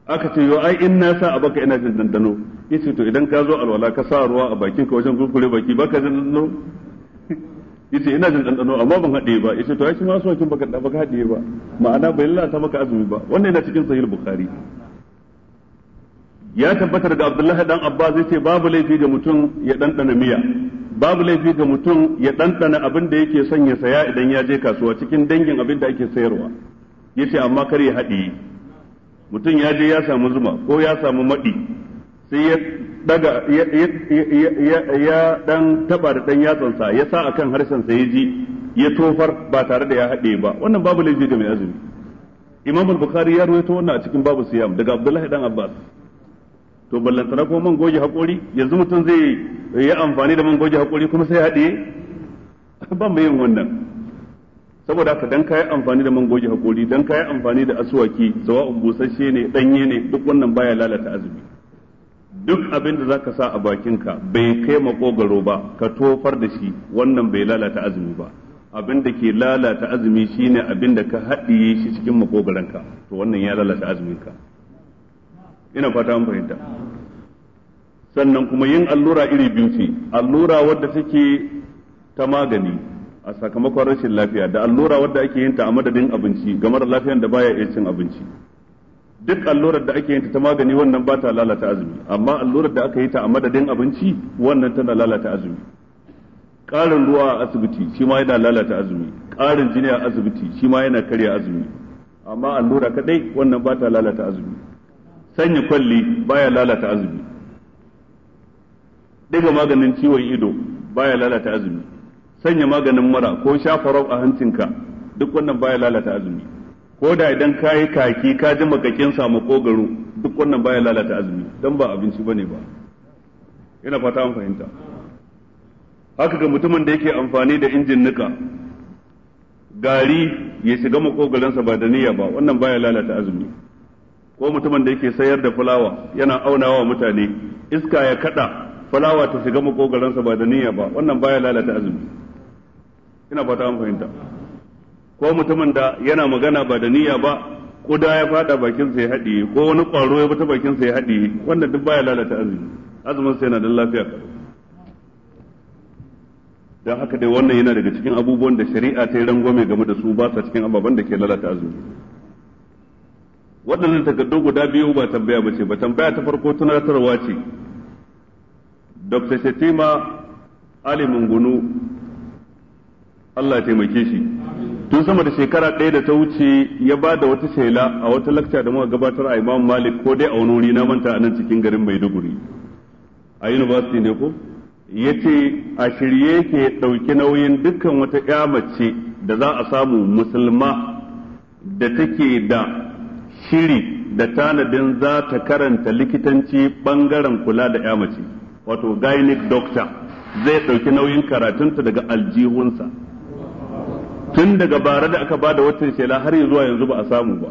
[SPEAKER 1] aka ce yo ai in na sa a baka ina jin dandano yace to idan ka zo alwala ka sa ruwa a bakin ka wajen gurgure baki baka jin dandano yace ina jin dandano amma ban hade ba yace to ai shi ma so kin baka baka hade ba ma'ana bai lalata maka azumi ba wannan yana cikin sahih bukhari ya tabbatar da abdullahi dan abba zai ce babu laifi ga mutum ya dandana miya babu laifi ga mutum ya dandana abin da yake son ya saya idan ya je kasuwa cikin dangin abin da ake sayarwa yace amma kar ya haɗe mutum ya je ya samu zuma ko ya samu maɗi sai ya daga ya dan taba da dan yatsansa ya sa akan harsansa ya ji ya tofar ba tare da ya haɗe ba wannan babu laifi ga mai azumi imam al-bukhari ya rawaito wannan a cikin babu siyam daga abdullahi dan abbas to tana ko man goge hakori yanzu mutum zai yi amfani da man goge hakori kuma sai haɗe ba mai yin wannan saboda haka dan kayi amfani da man goge hakori dan kayi amfani da asuwaki zawa busasshe ne danye ne duk wannan baya lalata azumi duk abin da zaka sa a bakinka bai kai makogaro ba ka tofar da shi wannan bai lalata azumi ba abin da ke lalata azumi shine abin da ka haɗiye shi cikin makogaranka to wannan ya lalata azuminka ina fata an fahimta sannan kuma yin allura iri biyu ce allura wadda take ta magani a sakamakon rashin lafiya da allura wadda ake yin ta a madadin abinci ga mara lafiyan da baya iya cin abinci duk allurar da ake yin ta magani wannan ba ta lalata azumi amma allurar da aka yi ta a madadin abinci wannan tana lalata azumi ƙarin ruwa a asibiti shi ma yana lalata azumi ƙarin jini a asibiti shi ma yana karya azumi amma allura kadai wannan ba ta lalata azumi sanya kwalli baya lalata azumi daga maganin ciwon ido baya lalata azumi sanya maganin mura ko shafa a hancinka duk wannan baya lalata azumi ko da idan ka yi kaki ka ji makakin samu kogaro duk wannan baya lalata azumi dan ba abinci bane ba Yana fata an fahimta haka ga mutumin da yake amfani da injin nika gari ya shiga makogaransa ba da niyya ba wannan baya lalata azumi ko mutumin da yake sayar da fulawa yana aunawa mutane iska ya kada fulawa ta shiga makogaransa ba da niyya ba wannan baya lalata azumi ina fata an fahimta ko mutumin da yana magana ba da niyya ba kuda ya fada bakin ya haɗiye ko wani ƙwaro ya bata bakin sa ya haɗiye wannan duk baya lalata azumi azumin sa yana da lafiya dan haka dai wannan yana daga cikin abubuwan da shari'a ta yi rangwame game da su ba sa cikin ababen da ke lalata azumi waɗannan takardu guda biyu ba tambaya ba ce ba tambaya ta farko tunatarwa ce dr shetima alimin gunu Allah ya taimake shi tun sama da shekara ɗaya da ta wuce ya ba da wata shela a wata lakta da muka gabatar a Imam Malik ko dai a wani wuri na manta a nan cikin garin Maiduguri a university ne ko ya ce a shirye ke ɗauki nauyin dukkan wata ƴa mace da za a samu musulma da take da shiri da tanadin za ta karanta likitanci ɓangaren kula da ƴa mace wato gynec doctor zai ɗauki nauyin karatunta daga aljihunsa tun daga bara da aka bada watan shela har yanzu zuwa yanzu ba a samu ba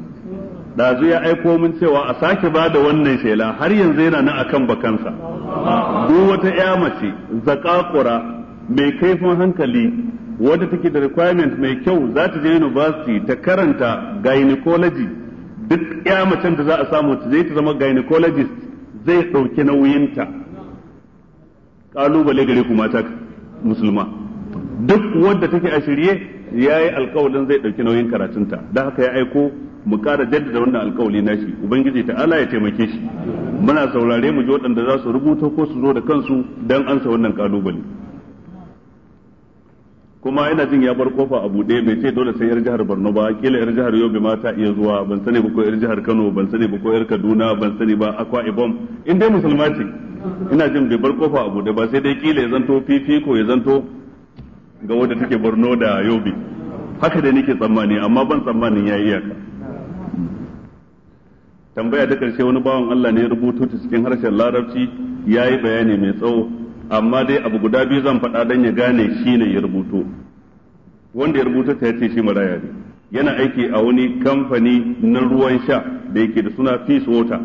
[SPEAKER 1] ɗazu ya aiko min cewa a sake bada wannan shela har yanzu yana na akan bakansa duk wata ya mace zakakura mai kaifin hankali wadda take da requirement mai kyau za ta je university ta karanta gynecology duk ya macen da za a samu ta zai ta zama gynecologist zai ɗauki nauyinta ƙalubale gare ku mata musulma duk wadda take a shirye ya yi alkawalin zai ɗauki nauyin karatunta da haka ya aiko mu ƙara jaddada wannan alkawali nashi ubangiji ta ala ya taimake shi muna saurare mu ji waɗanda za su rubuta ko su zo da kansu don ansa wannan kalubale kuma ina jin ya bar kofa a buɗe bai ce dole sai yar jihar Borno ba kila yar jihar Yobe ma ta iya zuwa ban sani ba ko yar jihar Kano ban sani ba ko yar Kaduna ban sani ba Akwa Ibom in dai musulma ce ina jin bai bar kofa a buɗe ba sai dai kila ya zanto fifiko ya zanto ga wadda take borno da yobe haka da nake tsammani amma ban tsammanin ya iyaka tambaya ta karshe wani bawan Allah ne ya rubuto ta cikin harshen larabci ya yi bayani mai tsawo amma dai abu guda biyu zan faɗa don ya gane shi ne ya rubuto wanda ya rubuto ta yace shi maraya ne yana aiki a wani kamfani na ruwan sha da yake da suna peace water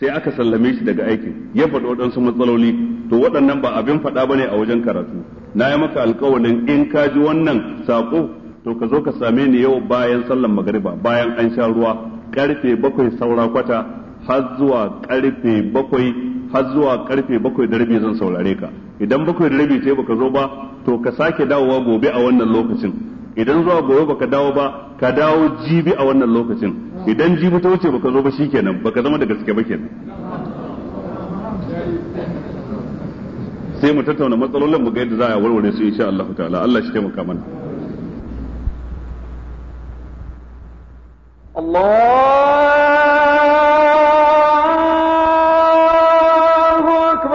[SPEAKER 1] sai aka sallame shi daga aikin ya faɗi waɗansu matsaloli to waɗannan ba abin faɗa ba ne a wajen karatu na yi maka alkawalin in ka ji wannan saƙo to ka zo ka same ni yau bayan sallan magariba bayan an sha ruwa karfe bakwai saura kwata har zuwa karfe bakwai har zuwa karfe bakwai da rabi zan saurare ka idan bakwai da rabi sai baka zo ba to ka sake dawowa gobe a wannan lokacin idan zuwa gobe baka dawo ba ka dawo jibi a wannan lokacin idan ji ta wuce baka zo ba shikenan baka zama da gaske ba kenan sai mu tattauna matsalolin mu ga yadda za a warware su insha Allah ta'ala Allah shi taimaka mana
[SPEAKER 3] Allah